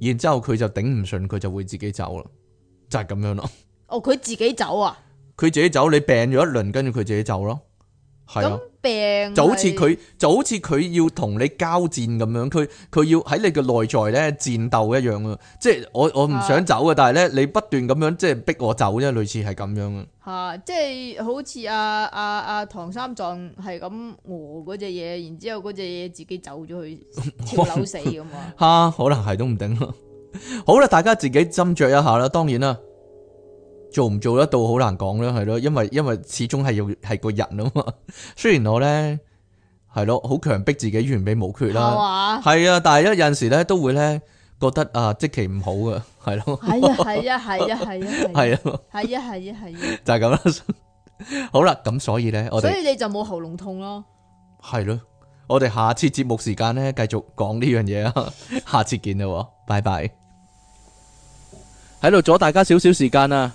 然之後佢就頂唔順，佢就會自己走啦，就係咁樣咯。哦，佢自己走啊？佢自己走，你病咗一輪，跟住佢自己走咯。係啊，病就好似佢就好似佢要同你交戰咁樣，佢佢要喺你嘅內在咧戰鬥一樣咯。即係我我唔想走嘅，啊、但係咧你不斷咁樣即係逼我走啫，類似係咁樣啊。吓、啊，即係好似阿阿阿唐三藏係咁餓嗰隻嘢，然之後嗰隻嘢自己走咗去跳樓死咁啊？吓， 可能係都唔定咯。 好啦，大家自己斟酌一下啦。當然啦。做唔做得到好難講咧，係咯，因為因為始終係要係個人啊嘛。雖然我咧係咯，好強逼自己完美無缺啦，係、嗯、啊，但係有陣時咧都會咧覺得啊，即期唔好噶，係咯，係 啊，係啊，係啊，係啊，係啊，係啊，係啊，啊 就係咁啦。 好啦，咁所以咧，我哋所以你就冇喉嚨痛咯。係咯，我哋下次節目時間咧繼續講呢樣嘢啊。下次見啦，拜拜。喺度阻大家少少時間啊！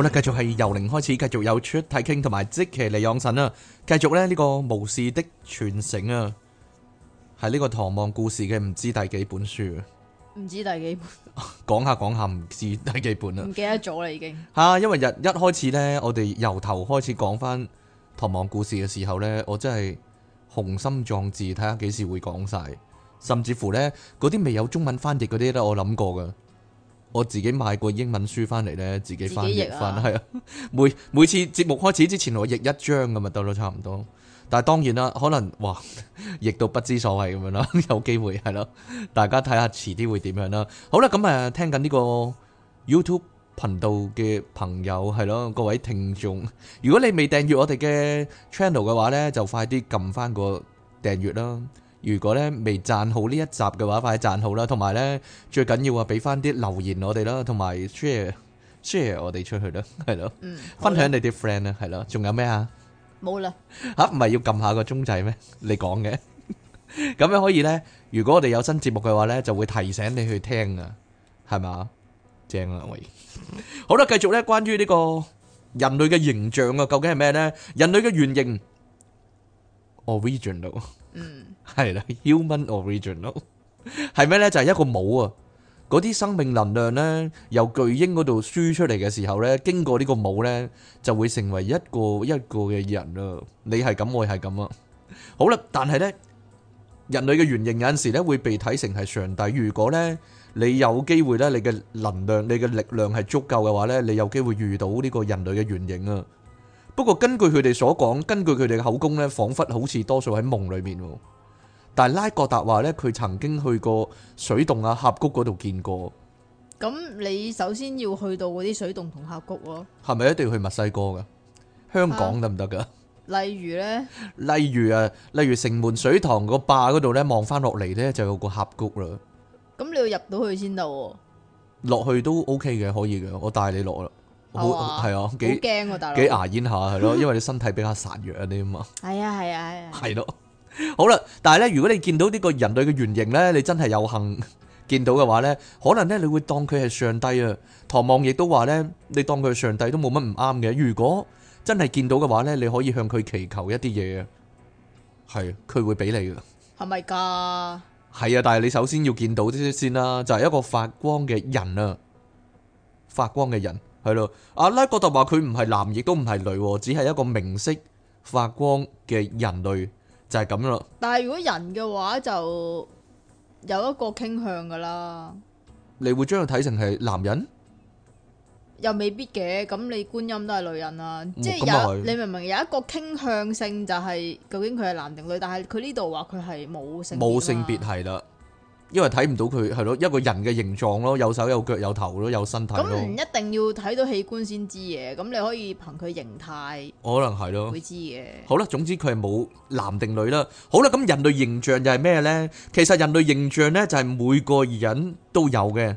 好啦，繼續係由零開始，繼續有出體傾同埋即期利養神啊，繼續咧、這、呢個巫士的傳承啊，係呢個《唐望故事》嘅唔知第幾本書？唔知第幾本？講下講下唔知第幾本啊。唔記得咗啦已經。吓、啊，因為日一開始呢，我哋由頭開始講翻《唐望故事》嘅時候呢，我真係雄心壯志，睇下幾時會講晒，甚至乎呢，嗰啲未有中文翻譯嗰啲咧，我諗過噶我自己買過英文書翻嚟呢，自己翻譯翻，係啊，每每次節目開始之前，我譯一章咁咪得咯，差唔多。但係當然啦，可能哇，譯到不知所謂咁樣啦，有機會係咯。大家睇下遲啲會點樣啦。好啦，咁、嗯、誒聽緊呢個 YouTube 頻道嘅朋友係咯，各位聽眾，如果你未訂閱我哋嘅 channel 嘅話呢，就快啲撳翻個訂閱啦。如果咧未讚好呢一集嘅話，快讚好啦！同埋咧，最緊要啊，俾翻啲留言我哋啦，同埋 share share 我哋出去啦，係咯，分享你啲 friend 啦，係咯，仲有咩啊？冇啦吓，唔係要撳下個鐘仔咩？你講嘅，咁樣可以咧。如果我哋有新節目嘅話咧，就會提醒你去聽啊，係咪啊？正啊，我哋好啦，繼續咧，關於呢個人類嘅形象啊，究竟係咩咧？人類嘅原型，original，嗯。係啦，human original 係咩咧？就係一個帽啊。嗰啲生命能量咧，由巨鷹嗰度輸出嚟嘅時候咧，經過呢個帽咧，就會成為一個一個嘅人啊。你係咁，我係咁啊。好啦，但係咧，人類嘅原型有陣時咧會被睇成係上帝。如果咧你有機會咧，你嘅能量、你嘅力量係足夠嘅話咧，你有機會遇到呢個人類嘅原型啊。不過根據佢哋所講，根據佢哋嘅口供咧，仿佛好似多數喺夢裏面。但係拉格達話咧，佢曾經去過水洞啊、峽谷嗰度見過。咁你首先要去到嗰啲水洞同峽谷咯。係咪一定要去墨西哥噶？香港得唔得噶？例如咧，例如啊，例如城門水塘個壩嗰度咧，望翻落嚟咧就有個峽谷啦。咁你要入到去先得。落去都 OK 嘅，可以嘅，我帶你落啦。好，係啊，幾驚喎大佬，幾牙煙下係咯，因為你身體比較孱弱一啲嘛。係啊係啊係啊。係咯。好啦，但係咧，如果你見到呢個人類嘅原型呢，你真係有幸見到嘅話呢，可能呢，你會當佢係上帝啊。唐望亦都話呢，你當佢係上帝都冇乜唔啱嘅。如果真係見到嘅話呢，你可以向佢祈求一啲嘢啊，係佢會俾你噶，係咪噶？係啊，但係你首先要見到啲先啦，就係一個發光嘅人啊，發光嘅人係咯。阿拉覺得話佢唔係男，亦都唔係女，只係一個明色發光嘅人類。就係咁咯。但係如果人嘅話，就有一個傾向㗎喇。你會將佢睇成係男人？又未必嘅。咁你觀音都係女人啦。即係有你明唔明？有一個傾向性，就係究竟佢係男定女？但係佢呢度話佢係冇性別啦。冇性別係啦。因為睇唔到佢係咯，一個人嘅形狀咯，有手有腳有頭咯，有身體。咁唔一定要睇到器官先知嘢，咁你可以憑佢形態，可能係咯，會知嘅。好啦，總之佢係冇男定女啦。好啦，咁人類形象又係咩呢？其實人類形象呢，就係每個人都有嘅。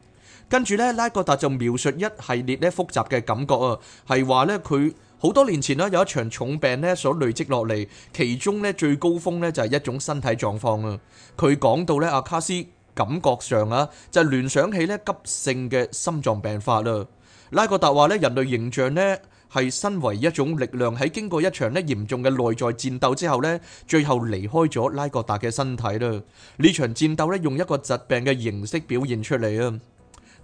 跟住咧，拉格達就描述一系列咧複雜嘅感覺啊，係話咧佢好多年前咧有一場重病咧所累積落嚟，其中咧最高峰咧就係一種身體狀況啊。佢講到咧阿卡斯感覺上啊就聯想起咧急性嘅心臟病發啦。拉格達話咧人類形象咧係身為一種力量喺經過一場咧嚴重嘅內在戰鬥之後咧最後離開咗拉格達嘅身體啦。呢場戰鬥咧用一個疾病嘅形式表現出嚟啊。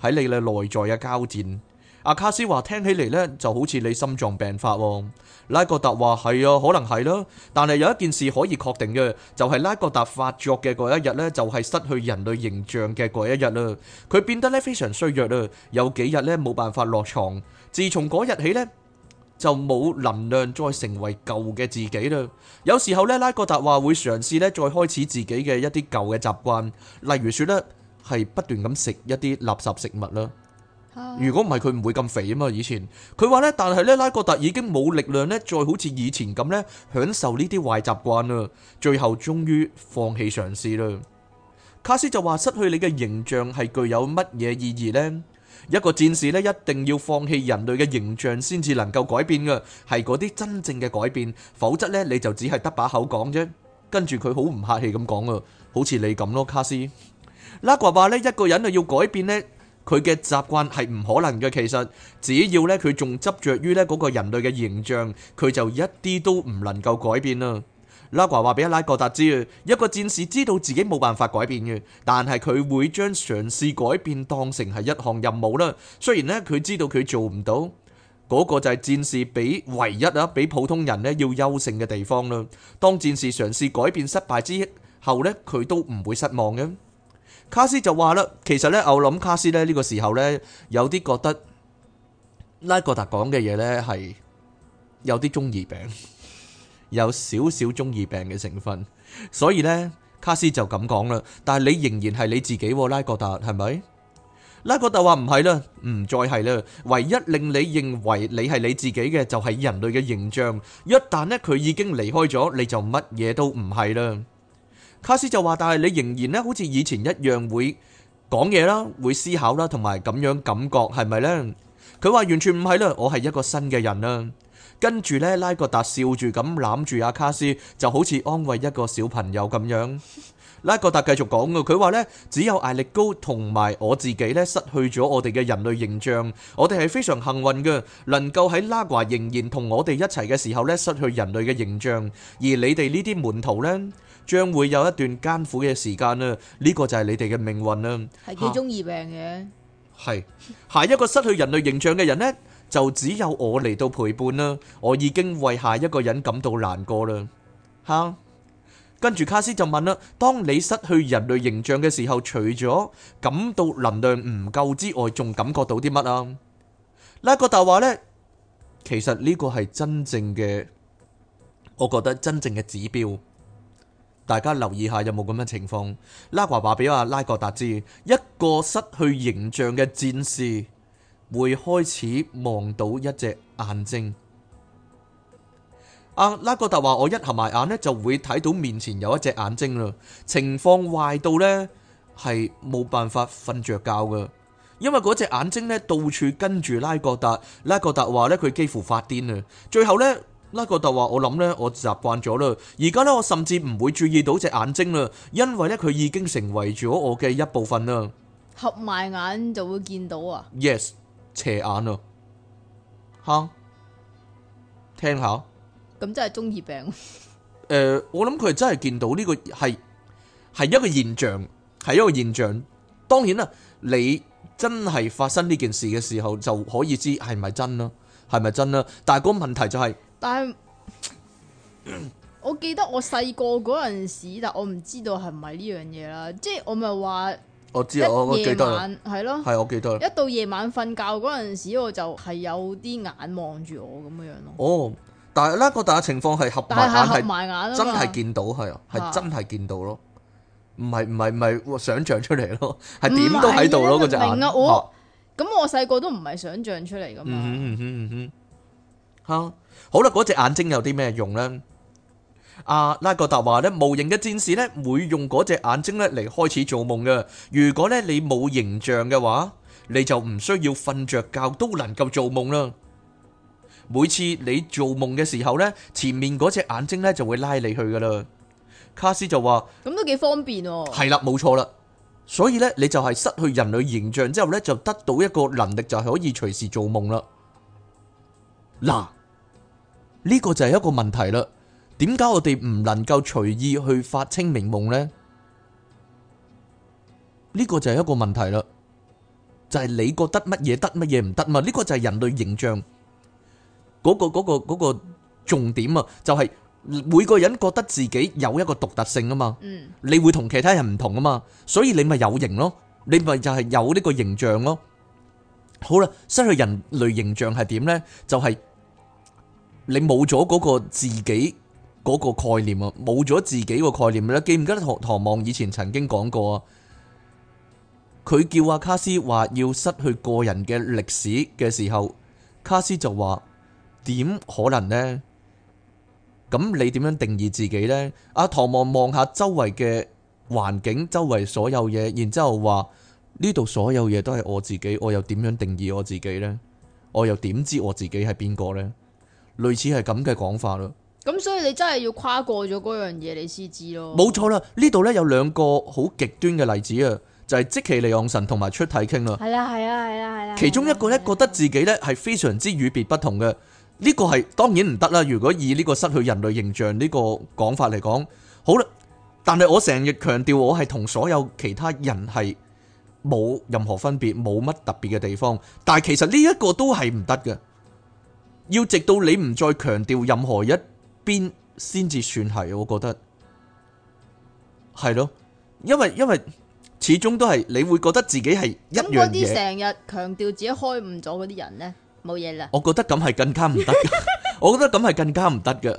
喺你嘅內在嘅交戰，阿卡斯話聽起嚟，呢就好似你心臟病發。拉格達話係啊，可能係啦、啊。但係有一件事可以確定嘅，就係、是、拉格達發作嘅嗰一日呢，就係、是、失去人類形象嘅嗰一日啦。佢變得呢非常衰弱啦，有幾日呢冇辦法落牀。自從嗰日起呢，就冇能量再成為舊嘅自己啦。有時候呢，拉格達話會嘗試呢再開始自己嘅一啲舊嘅習慣，例如說呢，係不斷咁食一啲垃圾食物啦，如果唔係佢唔會咁肥啊嘛。以前佢話呢，但係呢拉各達已經冇力量呢，再好似以前咁呢享受呢啲壞習慣啦。最後終於放棄嘗試啦。卡斯就話：失去你嘅形象係具有乜嘢意義呢？一個戰士呢一定要放棄人類嘅形象先至能夠改變嘅，係嗰啲真正嘅改變，否則呢你就只係得把口講啫。跟住佢好唔客氣咁講啊，好似你咁咯，卡斯。拉華話咧，一個人啊要改變咧，佢嘅習慣係唔可能嘅。其實只要咧，佢仲執着於咧嗰個人類嘅形象，佢就一啲都唔能夠改變啦。拉華話俾阿拉哥達知啊，一個戰士知道自己冇辦法改變嘅，但係佢會將嘗試改變當成係一項任務啦。雖然咧，佢知道佢做唔到嗰個就係戰士比唯一啊比普通人咧要優勝嘅地方啦。當戰士嘗試改變失敗之後咧，佢都唔會失望嘅。卡斯就話啦，其實呢，我諗卡斯呢，呢個時候呢，有啲覺得拉格達講嘅嘢呢係有啲中二病， 有少少中二病嘅成分。所以呢，卡斯就咁講啦。但係你仍然係你自己，拉格達係咪？拉格達話唔係啦，唔再係啦。唯一令你認為你係你自己嘅，就係人類嘅形象。一旦呢，佢已經離開咗，你就乜嘢都唔係啦。卡斯就話，但係你仍然咧，好似以前一樣會講嘢啦，會思考啦，同埋咁樣感覺係咪咧？佢話完全唔係啦，我係一個新嘅人啦。跟住咧，拉格達笑住咁攬住阿卡斯，就好似安慰一個小朋友咁樣。拉格達繼續講噶，佢話咧，只有艾力高同埋我自己咧，失去咗我哋嘅人類形象。我哋係非常幸運嘅，能夠喺拉華仍然同我哋一齊嘅時候咧，失去人類嘅形象。而你哋呢啲門徒咧。將會有一段艱苦嘅時間啦，呢個就係你哋嘅命運啦。係幾鍾意病嘅，係下一個失去人類形象嘅人咧，就只有我嚟到陪伴啦。我已經為下一個人感到難過啦。吓，跟住卡斯就問啦：當你失去人類形象嘅時候，除咗感到能量唔夠之外，仲感覺到啲乜啊？拉格達話咧，其實呢個係真正嘅，我覺得真正嘅指標。大家留意下有冇咁樣情況？拉華話俾阿拉各達知，一個失去形象嘅戰士會開始望到一隻眼睛。阿、啊、拉各達話：我一合埋眼咧，就會睇到面前有一隻眼睛啦。情況壞到呢，係冇辦法瞓着覺噶，因為嗰隻眼睛呢，到處跟住拉各達。拉各達話呢，佢幾乎發癲啊，最後呢。拉個就話我諗咧，我習慣咗啦。而家咧，我甚至唔會注意到隻眼睛啦，因為咧佢已經成為咗我嘅一部分啦。合埋眼就會見到啊？Yes，斜眼啊，吓，聽下。咁真係中意病。誒、呃，我諗佢真係見到呢個係係一個現象，係一個現象。當然啦，你真係發生呢件事嘅時候，就可以知係咪真啦，係咪真啦。但係個問題就係、是。但係我記得我細個嗰陣時，時，但我唔知道係唔係呢樣嘢啦。即係我咪話，我知啊了，我記得係咯，係我記得。一到夜晚瞓覺嗰陣時，我就係有啲眼望住我咁樣樣咯。哦，但係呢個大嘅情況係合埋眼係合埋眼咯，真係見到係啊，係真係見到咯。唔係唔係唔係想象出嚟咯，係點都喺度咯。是個明啊，我咁我細個都唔係想象出嚟噶嘛。 吓，好啦，嗰隻眼睛有啲咩用咧？阿拉格達話咧，無形嘅戰士咧會用嗰隻眼睛咧嚟開始做夢嘅。如果咧你冇形象嘅話，你就唔需要瞓着覺都能夠做夢啦。每次你做夢嘅時候咧，前面嗰隻眼睛咧就會拉你去噶啦。卡斯就話：咁都幾方便。係啦，冇錯啦。所以咧，你就係失去人類形象之後咧，就得到一個能力就係可以隨時做夢啦。嗱。呢個就係一個問題啦，點解我哋唔能夠隨意去發清明夢咧？呢個就係一個問題啦，就係你覺得乜嘢得，乜嘢唔得嘛？呢個就係人類形象嗰個嗰個嗰個重點啊！就係每個人覺得自己有一個獨特性啊嘛，嗯，你會同其他人唔同啊嘛，所以你咪有形咯，你咪就係有呢個形象咯。好啦，失去人類形象係點咧？就係。你冇咗嗰個自己嗰個概念啊，冇咗自己個概念咧。記唔記得唐唐望以前曾經講過啊？佢叫阿卡斯話要失去個人嘅歷史嘅時候，卡斯就話點可能呢？咁你點樣定義自己呢？阿唐望望下周圍嘅環境，周圍所有嘢，然之後話呢度所有嘢都係我自己，我又點樣定義我自己呢？我又點知我自己係邊個呢？類似係咁嘅講法咯，咁所以你真係要跨過咗嗰樣嘢，你先知咯。冇錯啦，呢度呢有兩個好極端嘅例子啊，就係即其利用神同埋出體傾啦。係啊係啊係啊係啊！其中一個呢覺得自己呢係非常之與別不同嘅，呢個係當然唔得啦。如果以呢個失去人類形象呢個講法嚟講，好啦，但係我成日強調我係同所有其他人係冇任何分別，冇乜特別嘅地方，但係其實呢一個都係唔得嘅。要直到你唔再強調任何一邊，先至算係，我覺得係咯。因為因為始終都係你會覺得自己係一樣嘢。咁嗰啲成日強調自己開悟咗嗰啲人呢，冇嘢啦。我覺得咁係更加唔得。 我覺得咁係更加唔得嘅，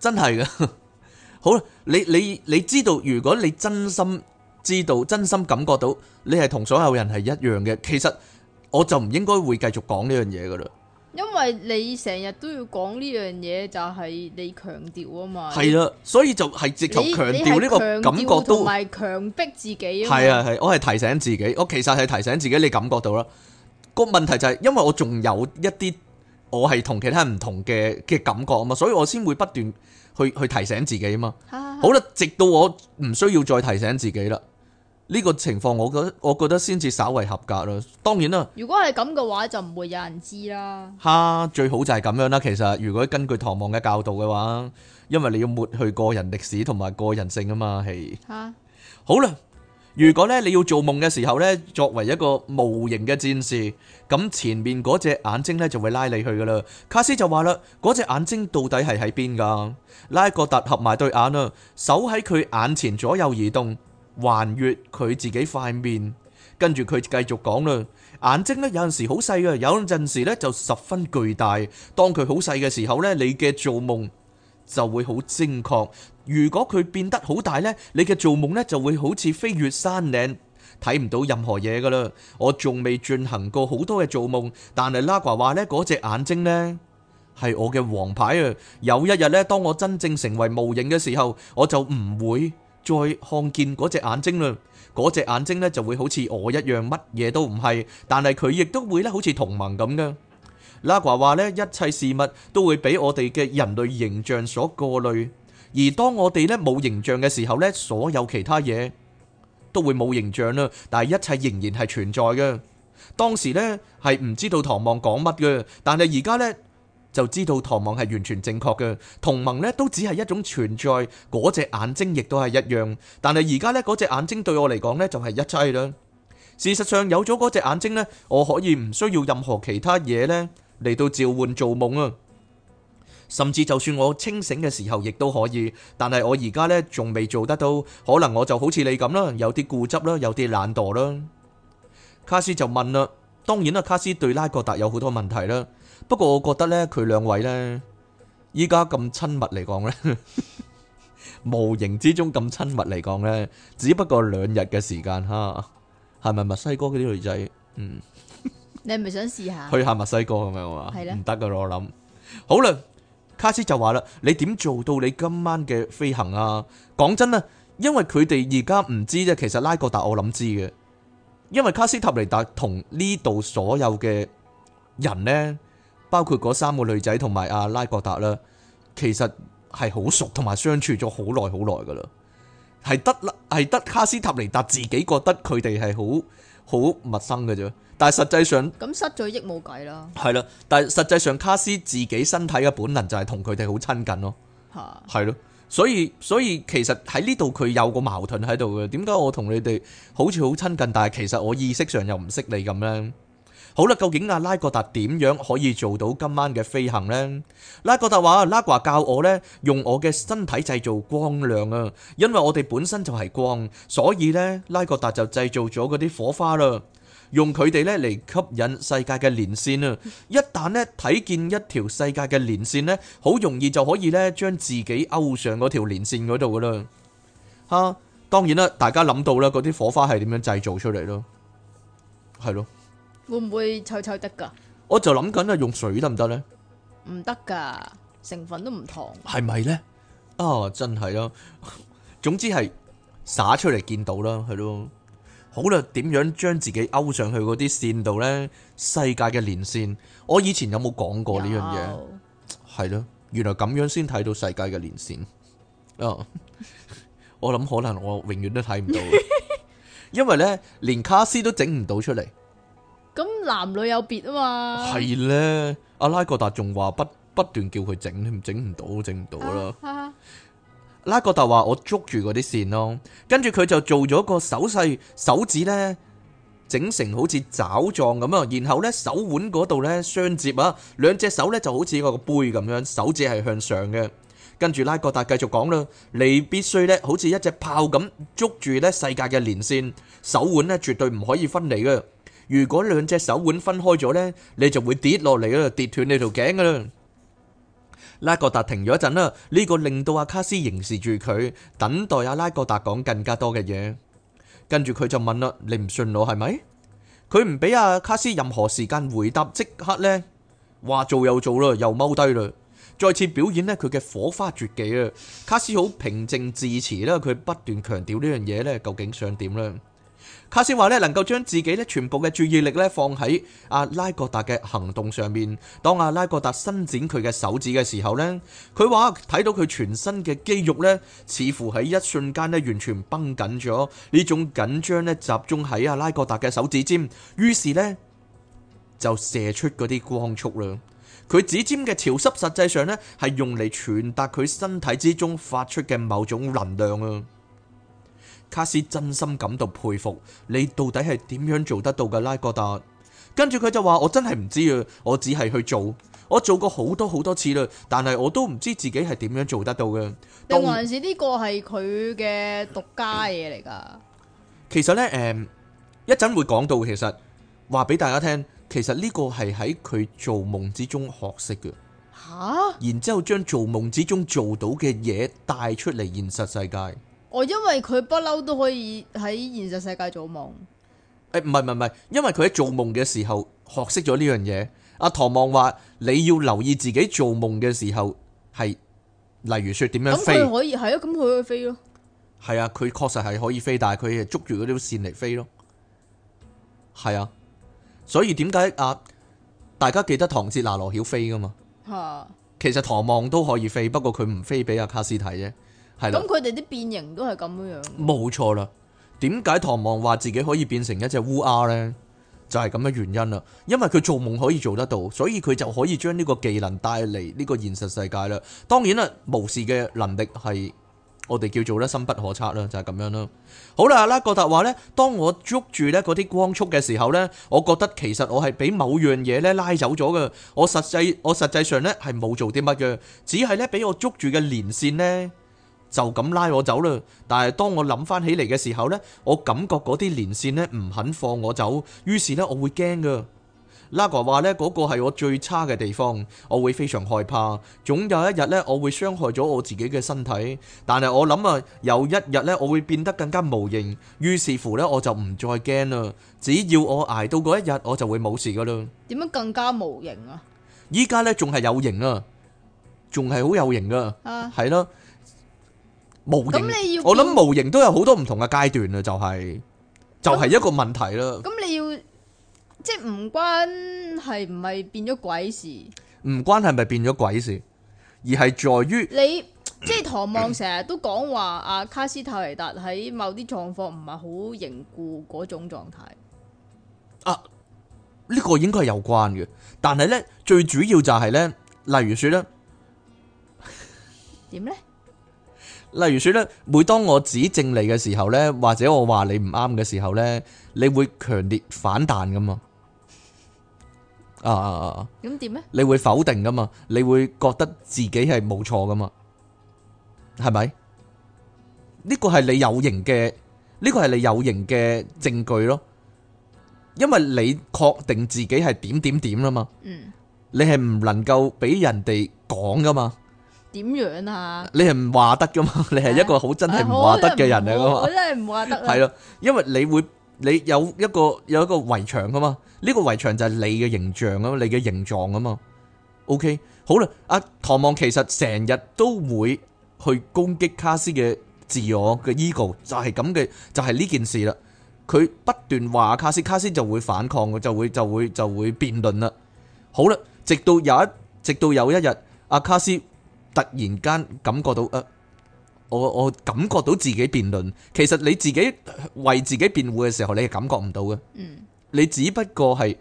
真係噶。好啦，你你你知道，如果你真心知道、真心感覺到你係同所有人係一樣嘅，其實我就唔應該會繼續講呢樣嘢噶啦。因為你成日都要講呢樣嘢，就係、是、你強調啊嘛。係啦，所以就係直頭強調呢個感覺都，唔係強迫自己。係啊，係我係提醒自己，我其實係提醒自己你感覺到啦個問題就係，因為我仲有一啲我係同其他人唔同嘅嘅感覺啊嘛，所以我先會不斷去去提醒自己啊嘛。 好啦，直到我唔需要再提醒自己啦。呢個情況我覺得，我覺得先至稍為合格咯。當然啦，如果係咁嘅話，就唔會有人知啦。吓，最好就係咁樣啦。其實，如果根據唐望嘅教導嘅話，因為你要抹去個人歷史同埋個人性啊嘛，係吓好啦。如果咧你要做夢嘅時候咧，作為一個無形嘅戰士，咁前面嗰隻眼睛咧就會拉你去噶啦。卡斯就話啦，嗰隻眼睛到底係喺邊噶？拉國達合埋對眼啊，手喺佢眼前左右移動。橫越佢自己塊面，跟住佢繼續講啦。眼睛呢有陣時好細啊，有陣時呢就十分巨大。當佢好細嘅時候呢，你嘅做,做夢就會好精確。如果佢變得好大呢，你嘅做夢呢就會好似飛越山嶺，睇唔到任何嘢噶啦。我仲未進行過好多嘅做夢，但係拉華話呢嗰隻眼睛呢係我嘅王牌啊！有一日呢，當我真正成為無形嘅時候，我就唔會。再看見嗰隻眼睛啦，嗰隻眼睛呢就會好似我一樣，乜嘢都唔係，但係佢亦都會咧好似同盟咁嘅。拉華話呢，一切事物都會俾我哋嘅人類形象所過濾，而當我哋呢冇形象嘅時候呢，所有其他嘢都會冇形象啦，但係一切仍然係存在嘅。當時呢係唔知道唐望講乜嘅，但係而家呢。就知道唐望係完全正確嘅，同盟咧都只係一種存在。嗰隻眼睛亦都係一樣，但係而家咧嗰隻眼睛對我嚟講咧就係一切啦。事實上有咗嗰隻眼睛咧，我可以唔需要任何其他嘢咧嚟到召喚造夢啊。甚至就算我清醒嘅時候亦都可以，但係我而家咧仲未做得到，可能我就好似你咁啦，有啲固執啦，有啲懶惰啦。卡斯就問啦，當然啦，卡斯對拉各達有好多問題啦。不過我覺得咧，佢兩位咧，依家咁親密嚟講咧， 無形之中咁親密嚟講咧，只不過兩日嘅時間哈，係咪墨西哥嗰啲女仔？嗯， 你係咪想試下去下墨西哥咁樣啊？係啦，唔得噶，我諗的。好啦，卡斯就話啦，你點做到你今晚嘅飛行啊？講真啊，因為佢哋而家唔知啫，其實拉格達我諗知嘅，因為卡斯塔尼達同呢度所有嘅人咧。包括嗰三個女仔同埋阿拉格達啦，其實係好熟同埋相處咗好耐好耐噶啦，係得啦，係得卡斯塔尼達自己覺得佢哋係好好陌生嘅啫，但係實際上咁失咗益冇計啦。係啦，但係實際上卡斯自己身體嘅本能就係同佢哋好親近咯。嚇係咯，所以所以其實喺呢度佢有個矛盾喺度嘅。點解我同你哋好似好親近，但係其實我意識上又唔識你咁咧？好啦，究竟阿拉格達點樣可以做到今晚嘅飛行呢？拉格達話：拉瓜教我呢，用我嘅身體製造光亮啊！因為我哋本身就係光，所以呢，拉格達就製造咗嗰啲火花啦，用佢哋呢嚟吸引世界嘅連線啊！一旦呢睇見一條世界嘅連線呢，好容易就可以呢將自己勾上嗰條連線嗰度噶啦。啊，當然啦，大家諗到啦，嗰啲火花係點樣製造出嚟咯？係咯。會唔會臭臭得噶？我就諗緊啊，用水得唔得呢？唔得噶，成分都唔同。係咪呢？啊、哦，真係咯！總之係灑出嚟見到啦，係咯。好啦，點樣將自己勾上去嗰啲線度呢？世界嘅連線，我以前有冇講過呢樣嘢？係咯有，原來咁樣先睇到世界嘅連線。啊、哦，我諗可能我永遠都睇唔到， 因為呢，連卡斯都整唔到出嚟。咁男女有別啊嘛，係咧。阿拉格達仲話不不斷叫佢整，整唔到，整唔到啦。拉格達話：我捉住嗰啲線咯，跟住佢就做咗個手勢，手指咧整成好似爪狀咁啊。然後咧手腕嗰度咧相接啊，兩隻手咧就好似個杯咁樣，手指係向上嘅。跟住拉格達繼續講啦，你必須咧好似一隻炮咁捉住咧世界嘅連線，手腕咧絕對唔可以分離嘅。如果兩隻手腕分開咗呢，你就會跌落嚟啦，跌斷你條頸噶啦。拉各達停咗一陣啦，呢、這個令到阿卡斯凝視住佢，等待阿拉各達講更加多嘅嘢。跟住佢就問啦：你唔信我係咪？佢唔俾阿卡斯任何時間回答，即刻呢話做又做啦，又踎低啦，再次表演呢佢嘅火花絕技啊！卡斯好平靜自持啦，佢不斷強調呢樣嘢呢究竟想點呢。卡斯話咧，能夠將自己咧全部嘅注意力咧放喺阿拉各達嘅行動上面。當阿拉各達伸展佢嘅手指嘅時候咧，佢話睇到佢全身嘅肌肉咧，似乎喺一瞬間咧完全繃緊咗。呢種緊張咧集中喺阿拉各達嘅手指尖，於是咧就射出嗰啲光束啦。佢指尖嘅潮濕，實際上咧係用嚟傳達佢身體之中發出嘅某種能量啊。卡斯真心感到佩服，你到底係點樣做得到嘅，拉哥達？跟住佢就話：我真係唔知啊，我只係去做，我做過好多好多次啦，但係我都唔知自己係點樣做得到嘅。定還是呢個係佢嘅獨家嘢嚟噶？其實呢，誒、嗯，一陣會講到。其實話俾大家聽，其實呢個係喺佢做夢之中學識嘅。吓、啊，然之後將做夢之中做到嘅嘢帶出嚟現實世界。我因為佢不嬲都可以喺現實世界做夢、哎。誒，唔係唔係唔係，因為佢喺做夢嘅時候學識咗呢樣嘢。阿唐望話你要留意自己做夢嘅時候係，例如說點樣飛可以係啊，咁佢可以飛咯。係啊，佢確實係可以飛，但係佢係捉住嗰條綫嚟飛咯。係啊，所以點解啊？大家記得唐哲拿羅曉飛噶嘛？吓，其實唐望都可以飛，不過佢唔飛俾阿卡斯睇啫。係咁，佢哋啲變形都係咁樣冇錯啦。點解唐望話自己可以變成一隻烏鴉呢？就係咁嘅原因啦。因為佢做夢可以做得到，所以佢就可以將呢個技能帶嚟，呢個現實世界啦。當然啦，巫士嘅能力係我哋叫做咧，深不可測啦，就係、是、咁樣啦。好啦，阿拉格達話呢，當我捉住呢嗰啲光束嘅時候呢，我覺得其實我係俾某樣嘢呢拉走咗嘅。我實際我實際上呢，係冇做啲乜嘅，只係呢俾我捉住嘅連線呢。就咁拉我走啦，但係當我諗翻起嚟嘅時候咧，我感覺嗰啲連線咧唔肯放我走，於是咧我會驚噶。拉哥話咧嗰個係我最差嘅地方，我會非常害怕。總有一日咧我會傷害咗我自己嘅身體，但係我諗啊，有一日咧我會變得更加無形，於是乎咧我就唔再驚啦。只要我捱到嗰一日，我就會冇事噶啦。點樣更加無形啊？依家咧仲係有形啊，仲係好有形啊，係咯。模型，我諗模型都有好多唔同嘅階段啦，就係、是、就係、是、一個問題啦。咁你要即係唔關係唔係變咗鬼事？唔關係咪變咗鬼事？而係在於你即係、就是、唐望成日都講話阿卡斯泰維達喺某啲狀況唔係好凝固嗰種狀態。嗯、啊，呢、這個應該係有關嘅，但係呢，最主要就係呢，例如說呢點呢？例如說咧，每當我指正你嘅時候咧，或者我話你唔啱嘅時候咧，你會強烈反彈噶嘛？啊啊啊！咁點咧？你會否定噶嘛？你會覺得自己係冇錯噶嘛？係咪？呢個係你有形嘅，呢個係你有形嘅證據咯。因為你確定自己係點點點啦嘛，嗯，你係唔能夠俾人哋講噶嘛。點樣啊？你係唔話得噶嘛？你係一個好真係唔話得嘅人嚟啊嘛？我真係唔話得啊！係咯，因為你會你有一個有一個圍牆噶嘛？呢、這個圍牆就係你嘅形象啊嘛，你嘅形狀啊嘛。OK，好啦，阿、啊、唐望其實成日都會去攻擊卡斯嘅自我嘅 ego，就係咁嘅，就係、是、呢件事啦。佢不斷話、啊、卡斯，卡斯就會反抗，就會就會就會辯論啦。好啦，直到有一，直到有一日，阿、啊、卡斯。突然間感覺到，誒、啊，我我感覺到自己辯論，其實你自己為自己辯護嘅時候，你係感覺唔到嘅。嗯，你只不過係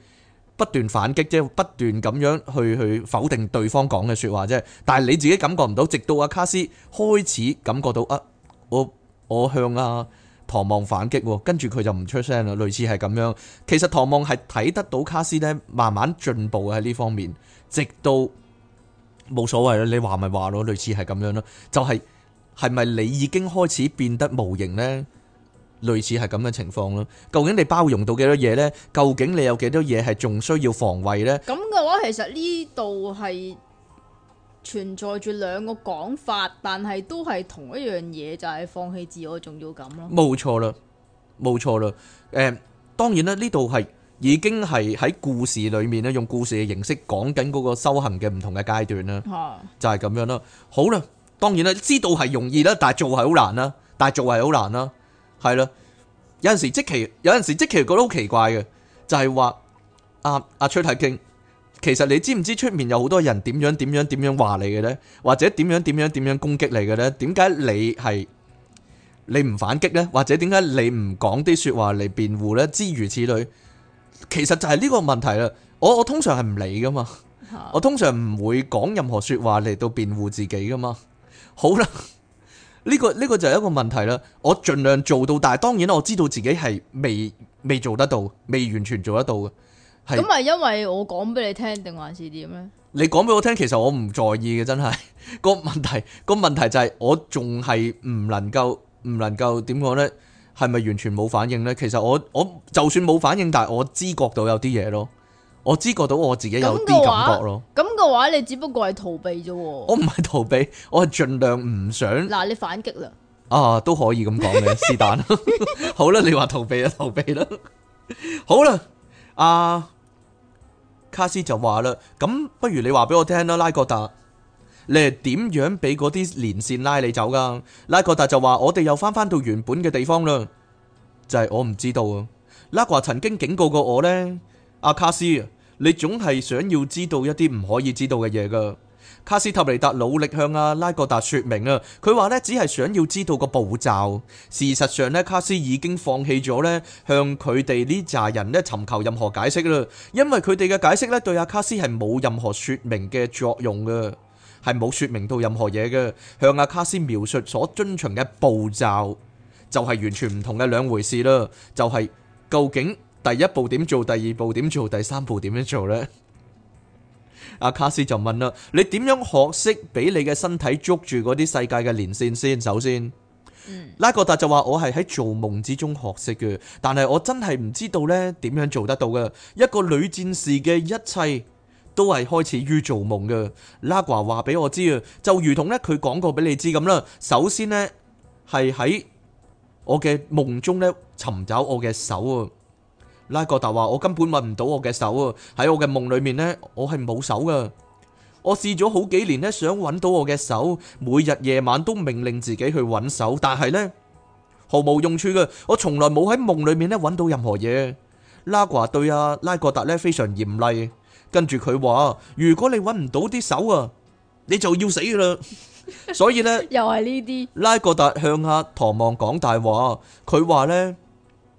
不斷反擊啫，不斷咁樣去去否定對方講嘅說話啫。但係你自己感覺唔到，直到阿卡斯開始感覺到，啊，我我向阿、啊、唐望反擊，跟住佢就唔出聲啦。類似係咁樣，其實唐望係睇得到卡斯咧，慢慢進步喺呢方面，直到。冇所謂啦，你話咪話咯，類似係咁樣咯，就係係咪你已經開始變得無形呢？類似係咁嘅情況咯。究竟你包容到幾多嘢呢？究竟你有幾多嘢係仲需要防衛呢？咁嘅話，其實呢度係存在住兩個講法，但係都係同一樣嘢，就係放棄自我重要感咯。冇錯啦，冇錯啦。誒，當然啦，呢度係。已經係喺故事裏面咧，用故事嘅形式講緊嗰個修行嘅唔同嘅階段啦，啊、就係咁樣啦。好啦，當然啦，知道係容易啦，但係做係好難啦。但係做係好難啦，係啦。有陣時即其有陣時即其覺得好奇怪嘅，就係話阿阿崔太敬，其實你知唔知出面有好多人點樣點樣點樣話你嘅咧？或者點樣點樣點樣攻擊你嘅咧？點解你係你唔反擊咧？或者點解你唔講啲說話嚟辯護咧？諸如此類。其實就係呢個問題啦，我我通常係唔理噶嘛，我通常唔會講任何說話嚟到辯護自己噶嘛。好啦，呢個呢個就係一個問題啦。我盡量做到，但係當然我知道自己係未未做得到，未完全做得到嘅。咁係因為我講俾你聽定還是點咧？你講俾我聽，其實我唔在意嘅，真係、個問題、個問題就係我仲係唔能夠唔能夠點講呢？係咪完全冇反應呢？其實我我就算冇反應，但係我知覺到有啲嘢咯，我知覺到我自己有啲感覺咯。咁嘅話，話，你只不過係逃避啫。我唔係逃避，我係盡量唔想。嗱，你反擊啦。啊，都可以咁講嘅，是但。 好啦，你話逃避就，逃避啦。好啦，阿卡斯就話啦，咁不如你話俾我聽啦，拉哥達。你係點樣俾嗰啲連線拉你走噶？拉格達就話：我哋又翻返到原本嘅地方啦，就係、是、我唔知道。啊。拉格達曾經警告過我呢：啊「阿卡斯，你總係想要知道一啲唔可以知道嘅嘢噶。卡斯塔尼達努力向阿、啊、拉格達說明啊，佢話呢只係想要知道個步驟。事實上呢，卡斯已經放棄咗呢向佢哋呢拃人呢尋求任何解釋啦，因為佢哋嘅解釋呢對阿、啊、卡斯係冇任何說明嘅作用噶。係冇說明到任何嘢嘅，向阿卡斯描述所遵循嘅步驟就係、是、完全唔同嘅兩回事啦。就係、是、究竟第一步點做，第二步點做，第三步點樣做呢？阿 卡斯就問啦：你點樣學識俾你嘅身體捉住嗰啲世界嘅連線先？首先，嗯、拉格達就話：我係喺做夢之中學識嘅，但係我真係唔知道呢點樣做得到嘅。一個女戰士嘅一切。都係開始於做夢嘅。拉瓜話俾我知啊，就如同咧佢講過俾你知咁啦。首先呢，係喺我嘅夢中呢尋找我嘅手啊。拉哥達話我根本揾唔到我嘅手啊。喺我嘅夢裏面呢，我係冇手噶。我試咗好幾年呢，想揾到我嘅手，每日夜晚都命令自己去揾手，但係呢，毫無用處嘅。我從來冇喺夢裏面呢揾到任何嘢。拉瓜對啊，拉哥達呢非常嚴厲。跟住佢話：如果你揾唔到啲手啊，你就要死㗎啦！ 所以呢，又係呢啲拉格達向下唐望講大話。佢話呢：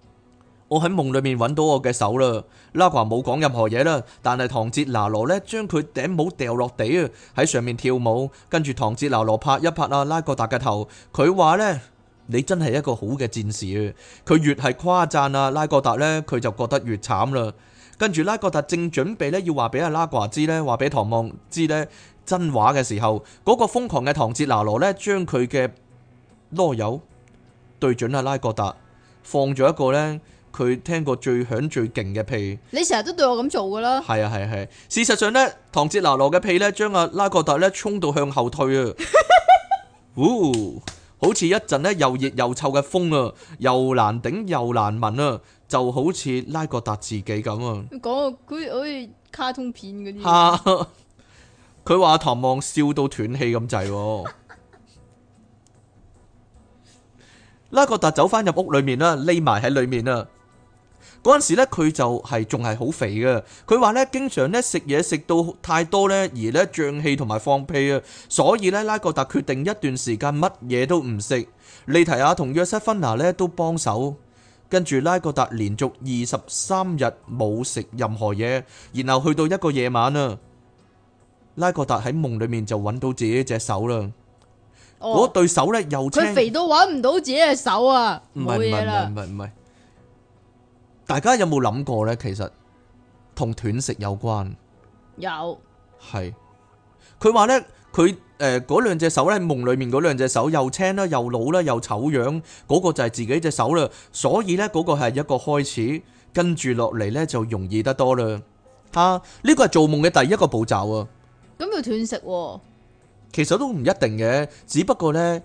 「我喺夢裏面揾到我嘅手啦。」拉格達冇講任何嘢啦，但係唐哲拿羅呢將佢頂帽掉落地啊，喺上面跳舞，跟住唐哲拿羅拍一拍啊拉格達嘅頭。佢話呢：「你真係一個好嘅戰士啊！」佢越係誇讚啊拉格達呢，佢就覺得越慘啦。跟住拉格達正準備咧要話俾阿拉哥知咧，話俾唐望知咧真話嘅時候，嗰、那個瘋狂嘅唐哲拿羅咧，將佢嘅囉柚對準阿拉格達，放咗一個咧佢聽過最響最勁嘅屁。你成日都對我咁做噶啦？係啊係係、啊啊啊，事實上咧，唐哲拿羅嘅屁咧，將阿拉格達咧衝到向後退啊！嗚、 哦。好似一陣咧又熱又臭嘅風啊，又難頂又難聞啊，就好似拉格達自己咁啊！講個佢好似卡通片嗰啲。吓！佢話唐望笑到斷氣咁滯。 拉格達走返入屋裏面啦，匿埋喺裏面啊。嗰陣時咧，佢就係仲係好肥嘅。佢話咧，經常咧食嘢食到太多咧，而咧脹氣同埋放屁啊。所以咧，拉各達決定一段時間乜嘢都唔食。利提亞同約瑟芬娜咧都幫手。跟住拉各達連續二十三日冇食任何嘢，然後去到一個夜晚啊，拉各達喺夢裏面就揾到自己隻手啦。嗰對手咧又佢肥到揾唔到自己隻手啊！唔係唔係唔係唔係。大家有冇諗過呢？其實同斷食有關，有係佢話呢，佢誒嗰兩隻手呢，夢裏面嗰兩隻手又青啦、啊、又老啦、啊、又醜樣，嗰、那個就係自己隻手啦，所以呢，嗰、那個係一個開始，跟住落嚟呢就容易得多啦。吓呢個係做夢嘅第一個步驟啊！咁要斷食、啊，其實都唔一定嘅，只不過呢。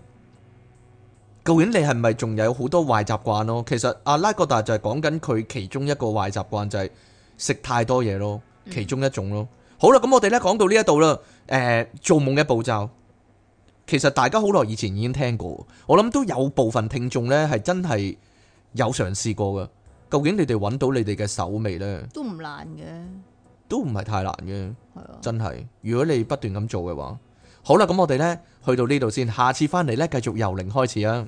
究竟你係咪仲有好多壞習慣咯？其實阿拉哥達就係講緊佢其中一個壞習慣就係食太多嘢咯，其中一種咯。好啦，咁我哋咧講到呢一度啦，誒，做夢嘅步驟，其實大家好耐以前已經聽過，我諗都有部分聽眾咧係真係有嘗試過嘅。究竟你哋揾到你哋嘅手尾咧？都唔難嘅，都唔係太難嘅，係啊，真係。如果你不斷咁做嘅話，好啦，咁我哋咧去到呢度先，下次翻嚟咧繼續由零開始啊。